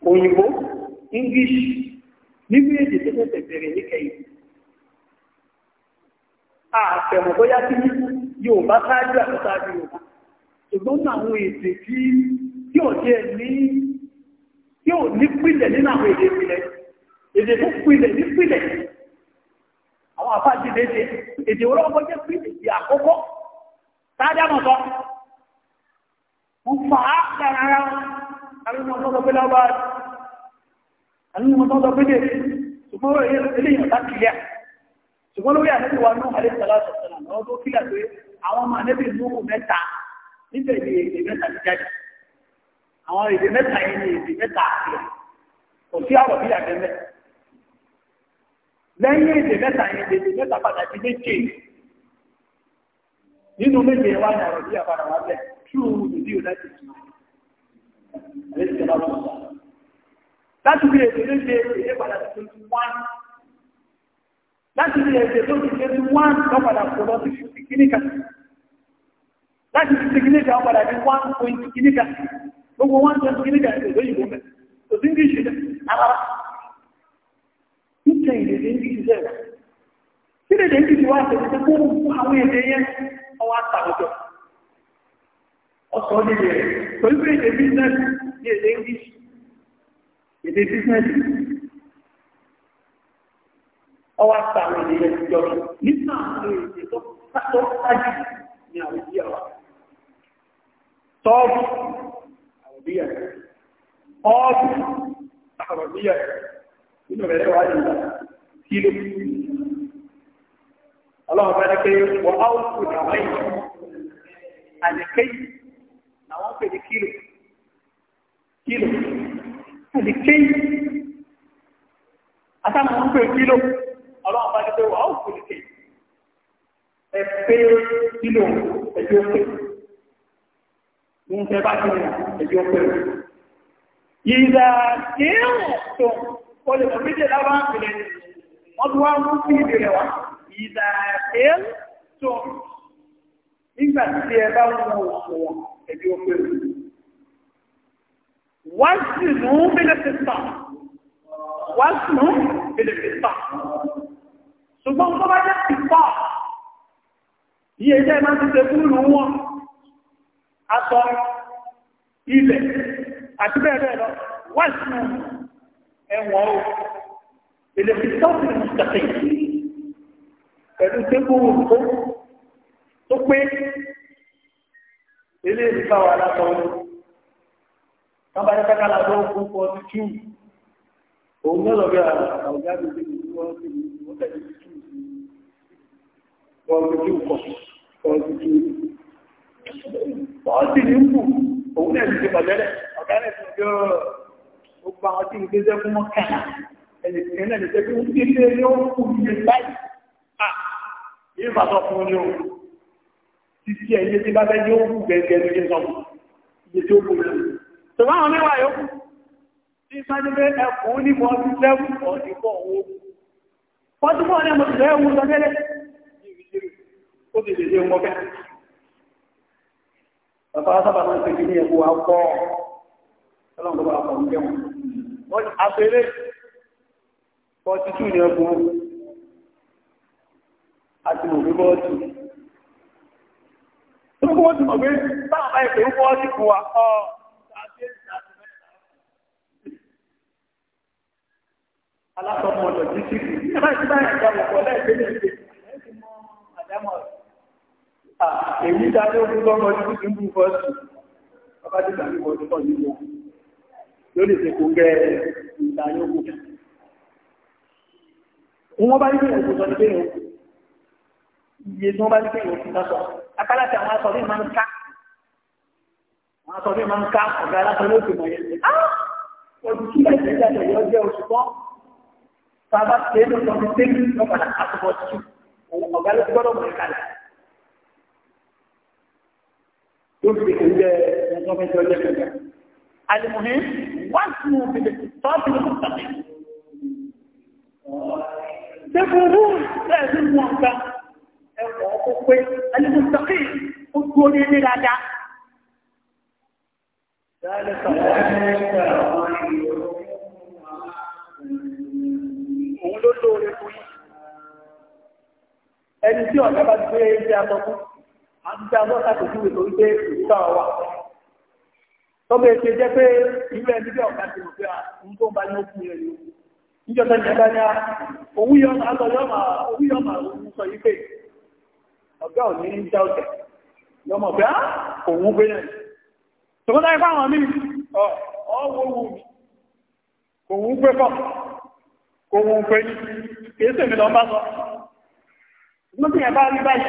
ó èdè bẹ̀rẹ̀ àfẹ̀mọ̀ bóyá tí yóò bá sáájú àtọ́sáájú yorùbá ṣùgbọ́n àwọn èdè tí yóò ní yóò nínú àwọn èdè ìpìlẹ̀ èdè tó pìlẹ̀ ní pìlẹ̀ àwọn àfáàjì èdè olóògbọ́ jẹ́ pìlẹ̀ àkọ́kọ́ sáájámọ̀ sọ wọ́n fà á dára àwọn ọmọ ọmọ ṣùgbọ́n lórí ànẹ́bí wa ní alẹ́ sọ̀rọ̀ sọ̀rọ̀ àwọn pé àwọn ọmọ ànẹ́bí mú mẹ́ta níbẹ̀ ni èdè mẹ́ta ti jáde àwọn èdè mẹ́ta yẹn ni èdè mẹ́ta àfihàn kò sí àwọ̀ bí àgbẹ̀ lẹ́yìn èdè mẹ́ta yẹn èdè mẹ́ta padà ti méje nínú méje wa ní àrọ̀ bí àpàdà wa bẹ̀ true ìdí òláti láti bí èdè méje èdè padà ti twenty one láti ilé ẹ̀jẹ̀ tó ti ṣe ní one lọ́padà kò lọ sí fifty láti fifty kìíníkà ọ̀padà ní one point kìíníkà gbogbo one point kìíníkà ẹ̀jẹ̀ lóyìnbó mẹ́ kò sí ní ìṣẹ̀lẹ̀ alára níta ìrèlè ń ìṣẹ̀lẹ̀ kí lè dé ń bíi wá àtẹ̀lẹ́ tó kó fún àwọn èdè yẹn ọwọ́ àtàwọ̀jọ ọ̀sọ̀ nílé rẹ̀ pẹ̀lú ọwọ́ àtàwọn ìdílé ìjọ nígbà àwọn èdè tó tó sájú ní àwọn ìdí àwọn tọ́ọ̀bù àwọ̀bíyà ọ́ọ̀bù àwọ̀bíyà nínú rẹ̀ wà ní ìgbà tí ló ọlọ́run bá ní pé wọ́n á kú àwọn èèyàn àdìkéyì làwọn pè ní kílò kílò àdìkéyì àtàwọn pè kílò ẹ̀pẹ́ kílò ẹjọ́ pé ń tẹ́ bá kílò ẹjọ́ pé ìdá kílò tó kọ́ lè fún méjì lábá ń pèlè wọ́n tó wá mú sí ìdí rẹ̀ wá ìdá kílò tó nígbà tí ẹ bá wọn òṣù wọn ẹjọ́ pé wọ́n sì mú bílẹ̀ sísà wọ́n sì mú bílẹ̀ sísà ṣùgbọ́n tó bá jẹ́ sísà iye jẹ́ máa ti ṣe fúrù wọn aṣọ ilẹ̀ àti bẹ́ẹ̀ lọ wà sí ẹ̀wọ̀n o ilẹ̀ fi tọ́sí ìmùsàkì pẹ̀lú tẹ́kùrù tó tó pé ilé ìfà wà látọ̀ wọn wọ́n bá ní pẹ́ká látọ̀ ó fún fún ọdún jù wọ́n tẹ̀lé jù wọn kọ̀ ọtí ní kù òun náà ti ṣe pàtẹ́lẹ̀ ọ̀gá rẹ̀ ti jọ gbogbo àwọn tí ìgbé jẹ́ fún mọ́kà ẹnìkan náà lè jẹ́ pé ó ti lé ní ó kù ní báyìí à yìí bá sọ fún ní o títí ẹ̀yẹ tí bá fẹ́ yóò kù gẹ́gẹ́ ní kí n sọ fún ó sì lè dé ọmọ Bàbá sábà máa ń pè ní ẹ̀kọ́ wa pọ̀ ọlọ́run bá pọ̀ ń jẹun. Wọ́n apèrè bọ́ọ̀tì tù ní ẹkùn àti mòbí bọ́ọ̀tì. Tó kọ́ ti mọ̀ pé báàbá ìpè ń bọ́ọ̀tì fún wa Alásọ̀mọ̀ ọ̀dọ̀ títí, ẹ̀rọ ìsìnbáyà ìjọba ọ̀pọ̀ lẹ́ẹ̀kẹ́ ní èyí dájú ó fún lọ́mọ ní ìlú fọ́sù ọba tí tàbí wọ́n tó tọ́jú wọn yóò lè fẹ́kò gẹ́ ìdáyógù wọ́n bá nílé òkú sọ nílé òkú iye tí wọ́n bá nílé òkú sọ apálá tí àwọn asọ̀rí máa ń ká àwọn asọ̀rí máa ń ká ọ̀gá alásọ ní òkú mọ̀yẹ́ ọdún tí ẹ̀sẹ̀ ìjà tẹ̀yọ́ jẹ́ يمسك المنظمة والجميع المهم وزنوا بالاقتصاد المستقيم تقولون لازم وانت المستقيم تقولين لا دع ذلك قولوا له لكم ẹni tí ọ̀gá bá gbé ẹgbẹ́ àtọ́kùn àti àwọn ṣàpèjúwe tó wípé òkúta wà. tọ́gbà ètò jẹ́ pé irú ẹni bí ọ̀gá ti rò pé àwọn tó bá ní ó fún ẹni níjọba ní ẹgbẹ́ ní owó yọ máa lọ yọ máa yọ máa ń sọ yí pé ọ̀gá ò ní ń já ọ̀tẹ̀ lọ́mọ pé á òun gbé náà ṣùgbọ́n táyé fáwọn míì ọwọ́ wù mí kò wù pé kọ́ kò ní kìí sèmi lọ́ bá sọ. Nígbà tí ẹ bá rí báyìí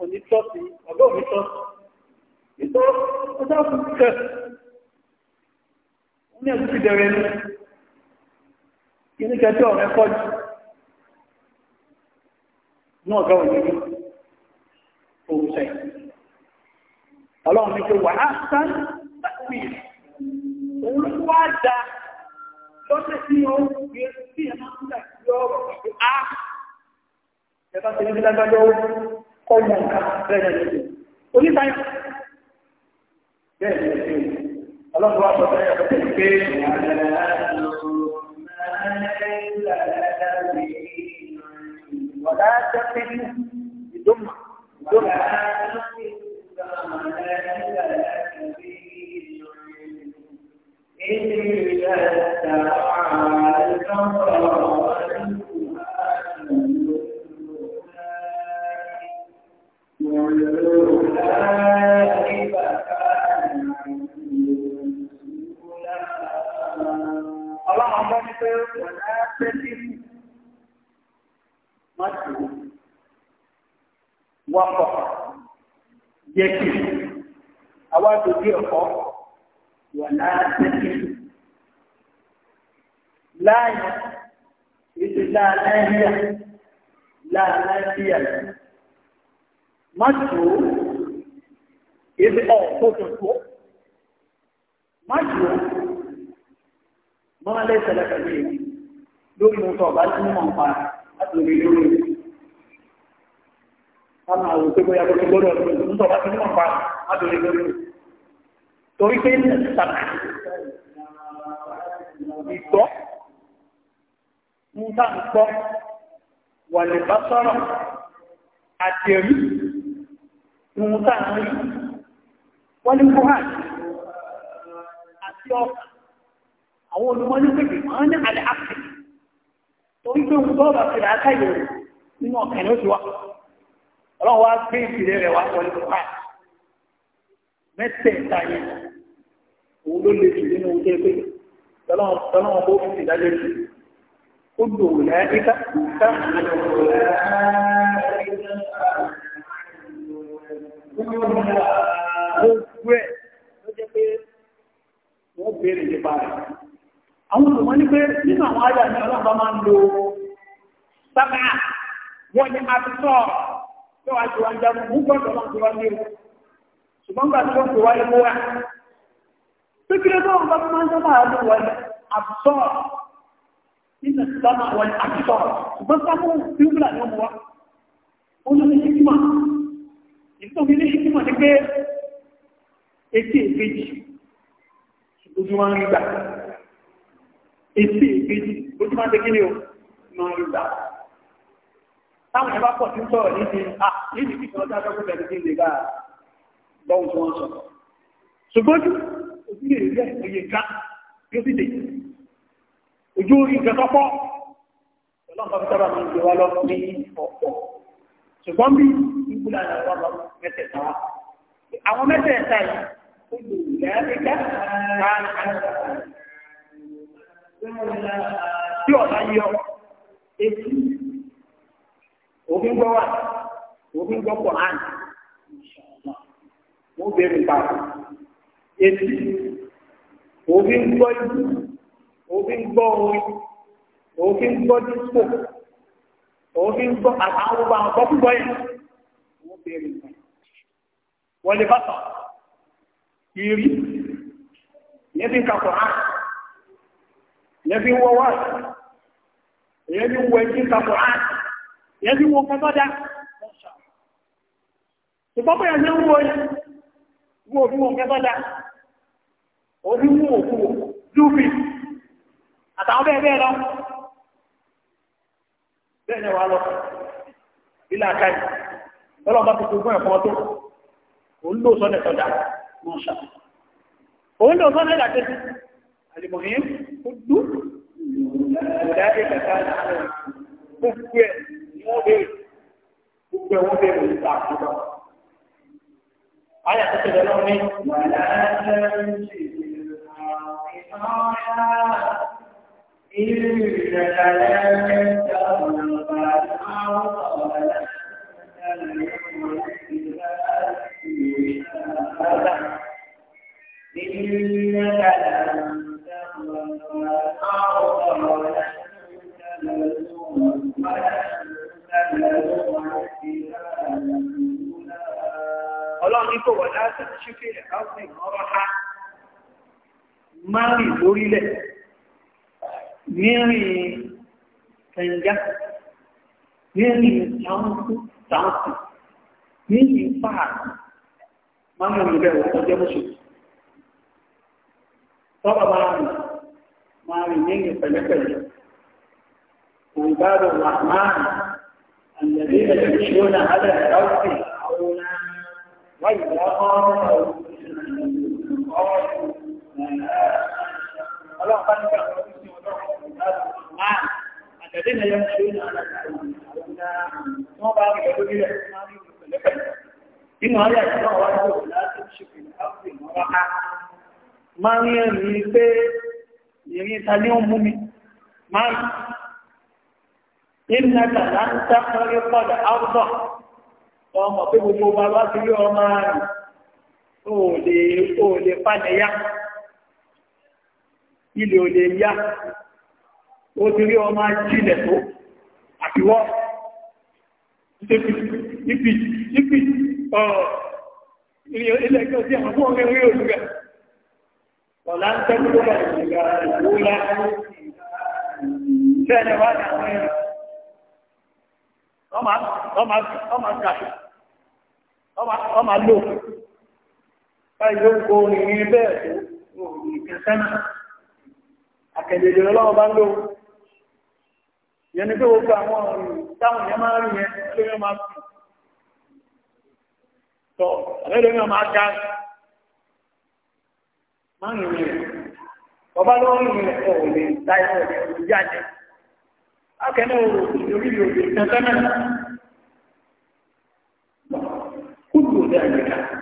òní tọ́sí ọ̀gá òní tọ́sí nítorí ọjọ́ fún kẹ́ ní ẹ̀sùn ti dẹ̀rẹ̀ ní kíní kẹjọ ọ̀rẹ́ kọjú náà ọ̀gá òní ní òwúṣẹ́ ọlọ́run ní pé wà á sán láti òun ló wá da lọ́sẹ̀ tí ó gbé sí ẹ̀mọ́ sílẹ̀ sí ọ̀rọ̀ pẹ̀lú á ẹ̀fà sí kọ́ mọ̀ nǹkan bẹ́ẹ̀ ni ẹ̀sìn oníṣáyà bẹ́ẹ̀ ni ẹ̀sìn ọlọ́run wa sọ sẹ́yà tó tẹ̀lé pé wàdà tẹ́lẹ̀ ìdómà ìdómà. إِنَّ اللَّهَ pé wọ́n á pẹ́ sí i. Má tù ú. Wọ́pọ̀ jẹ́ kí àwa dòdì ọ̀kọ́ wọ́n á pẹ́ sí i. Láàyè ìdí láàláyà láàláyà. Má tù ú. Ìdí ọ̀pọ̀ tó tó. Má tù ú máa lẹ́sẹ̀ lẹ́kẹ̀ẹ́ yìí lórí ohun tó ọ̀bá tí wọ́n pa láti lórí lórí rẹ̀. wọ́n máa wò pé bóyá kó ti gbọ́dọ̀ ohun tó ọ̀bá tí wọ́n pa láti lórí lórí rẹ̀. torí pé tàbí ìtọ́ ń tà ń gbọ́ wà lè bá sọ̀rọ̀ àti ẹ̀rí ohun ń rí wọ́n ní kó àti ọkàn àwọn olùmọ́ pèpè wọ́n ní àlẹ́ àpè torí pé ń bọ́ bàtì rẹ̀ nínú ọ̀kẹ́ ní oṣù wa ọlọ́run wá gbé ìpìlẹ̀ rẹ̀ wá wọlé fún wa mẹ́tẹ̀ẹ̀ta yẹn òun ló lè jù nínú oúnjẹ pé tọ́lọ́run bó fi ìdájọ́ sí ó lò lẹ́ ìta ìta gbogbo ẹ̀ ló jẹ́ pé wọ́n béèrè nípa rẹ̀ àwọn olùmọ́ ní pé nínú àwọn ayà ní ọlọ́pàá máa ń lo sábà wọ́n ni a ti sọ tó wá ti wá ń jáde mú gbọ́dọ̀ náà ti wá ní o ṣùgbọ́n gbà tí wọ́n ti wá ní mú wa tó kí ló tó wọn bá máa ń sábà lò wọ́n ni a ti sọ nínú sábà wọ́n ni a ti sọ ṣùgbọ́n sábà bíbélà ni ó mú wa ó ló ní hikima ìtòkí ní hikima ni pé etí èkejì ojú wa èsì ìgbésí ó ti máa tẹ́ kíni o máa ń gbà táwọn ẹ̀bá pọ̀ tí ń sọ̀rọ̀ níbi níbi kí ọjọ́ àjọ́kùn bẹ̀rẹ̀ sí ìlera lọ́wọ́ tí wọ́n sọ ṣùgbọ́n jù ojú lè rẹ̀ òye ká yóò sì dé ojú orí nǹkan tọ́pọ̀ ọlọ́pàá fi sábà máa ń gbé wa lọ ní ọ̀pọ̀ ṣùgbọ́n bí ìgbúlà àwọn mẹ́tẹ̀ẹ̀ta àwọn mẹ́tẹ̀ẹ̀ta yìí ó lò lẹ́ẹ̀ẹ́dẹ́gbẹ́ tí ọ̀la yọ etí òfin wà òfin pọ̀ hàn mo bẹ̀rẹ̀ pa etí òfin ìlú òfin gbọ́ orin dípò òfin àtàwọn ọba ọ̀gbọ́ púpọ̀ yẹn mo bẹ̀rẹ̀ pa wọlé bàtà ìrí yẹn ti ń ka pọ̀ hàn. ìyẹn wọ wá ìyẹn wọ ẹjí ìtàkùn á ìyẹn fi wọ kọ́tọ́dá ìpọ́pọ̀ yẹn ń wọ ìwọ òfin wọn kẹ́tọ́dá òfin òkú àtàwọn lọ ni wà lọ ilé ẹ̀fọ́ tó òun ló òun ló kúdú ìdájẹ kàkà gbogbo ẹ ni wọn béèrè gbogbo ẹ wọn béèrè nípa àkókò ayé àti tẹ́lẹ̀ lọ ní. wàlá ẹni ìfọyà ìlú ìrẹ̀lẹ̀ ẹ̀jẹ̀ ọ̀nà bàbá àwọn ọ̀rẹ́ Thank you. Ọlọ́run ní kò wà láti ṣífẹ́ àwọn ìmọ̀ràn ha máa rìn lórílẹ̀ nírìn kẹjá, nírìn tàùntù, nírìn fàáàrùn, máa rìn bẹ̀rẹ̀ ọjọ́ mọ́ṣù. Tọ́bà máa ما منين فلكل عباد الرحمن الذين يمشون على الأرض حولا ويقالوا ولو كان الذين يمشون على الأرض حولا ثم بعد ذلك إنه هذا يسمع ولا تمشي في الأرض مرحا ما يريد ìrìn ta ní ó mú mi máa ń nàkà láńtà kọrí pọ̀dà áwùdọ̀ ọmọ pé gbogbo bàbá ti rí ọmọ rẹ̀ ó lè ó lè palẹ̀ yá ilé ò lè yá ó ti rí ọmọ jílẹ̀ tó àtiwọ́ ìpì ìpì ọ̀ ilé ẹgbẹ́ sí àwọn ọmọ ẹgbẹ́ òṣùgbẹ́ ولن تدخل السجارة الأولى ثاني واحد طبعا طبعا طبعا طبعا طبعا له فيكون يبات كسنة أكيد الله بالله yẹni tó gbogbo àwọn ọ̀rùn táwọn yẹn máa rí yẹn lórí ọmọ àti tọ́ àlẹ́lẹ́mí ọmọ ajá má ọba ló ń rìn rẹ̀ ọ̀ lè ta ẹ̀ ọ̀ lè jáde akẹ́nu orí rẹ̀ òde kúrò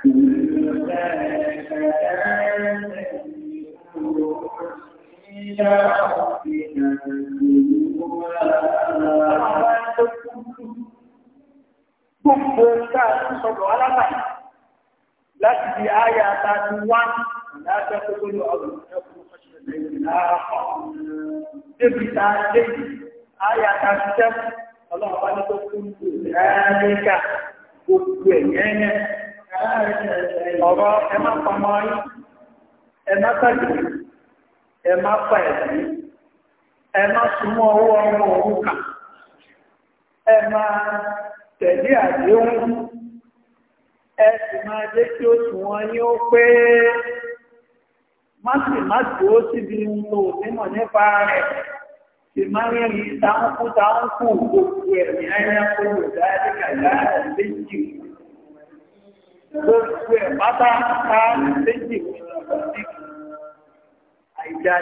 ní Gbogbo ká sọ̀rọ̀ alábàá láti di wá لا تقتلوا أولادكم خشية إملاق دبتا tẹ̀lé àdéhùn máa jẹ́ kí ó wọn ní ó pé má sì má sì ó síbi ohun tó nímọ̀ nípa rẹ̀ sì má rẹ̀rìn táwọn kú táwọn kú gbogbo ẹ̀mí ayẹyẹ kó lò dáadéka ìyára méjì gbogbo ẹ̀ pátá ká méjì àìjà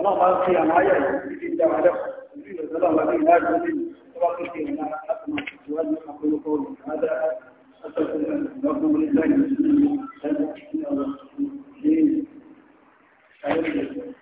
ọlọ́run bá ń fi àwọn ayé yìí ti dá wa lẹ́kọ̀ọ́ sí ìrọ̀lọ́run bá ní ìlàjọ́ ní ọlọ́run tó ṣe ìlànà láti máa ṣe ìwádìí àkọlùkọ olùkọ́ Thank you.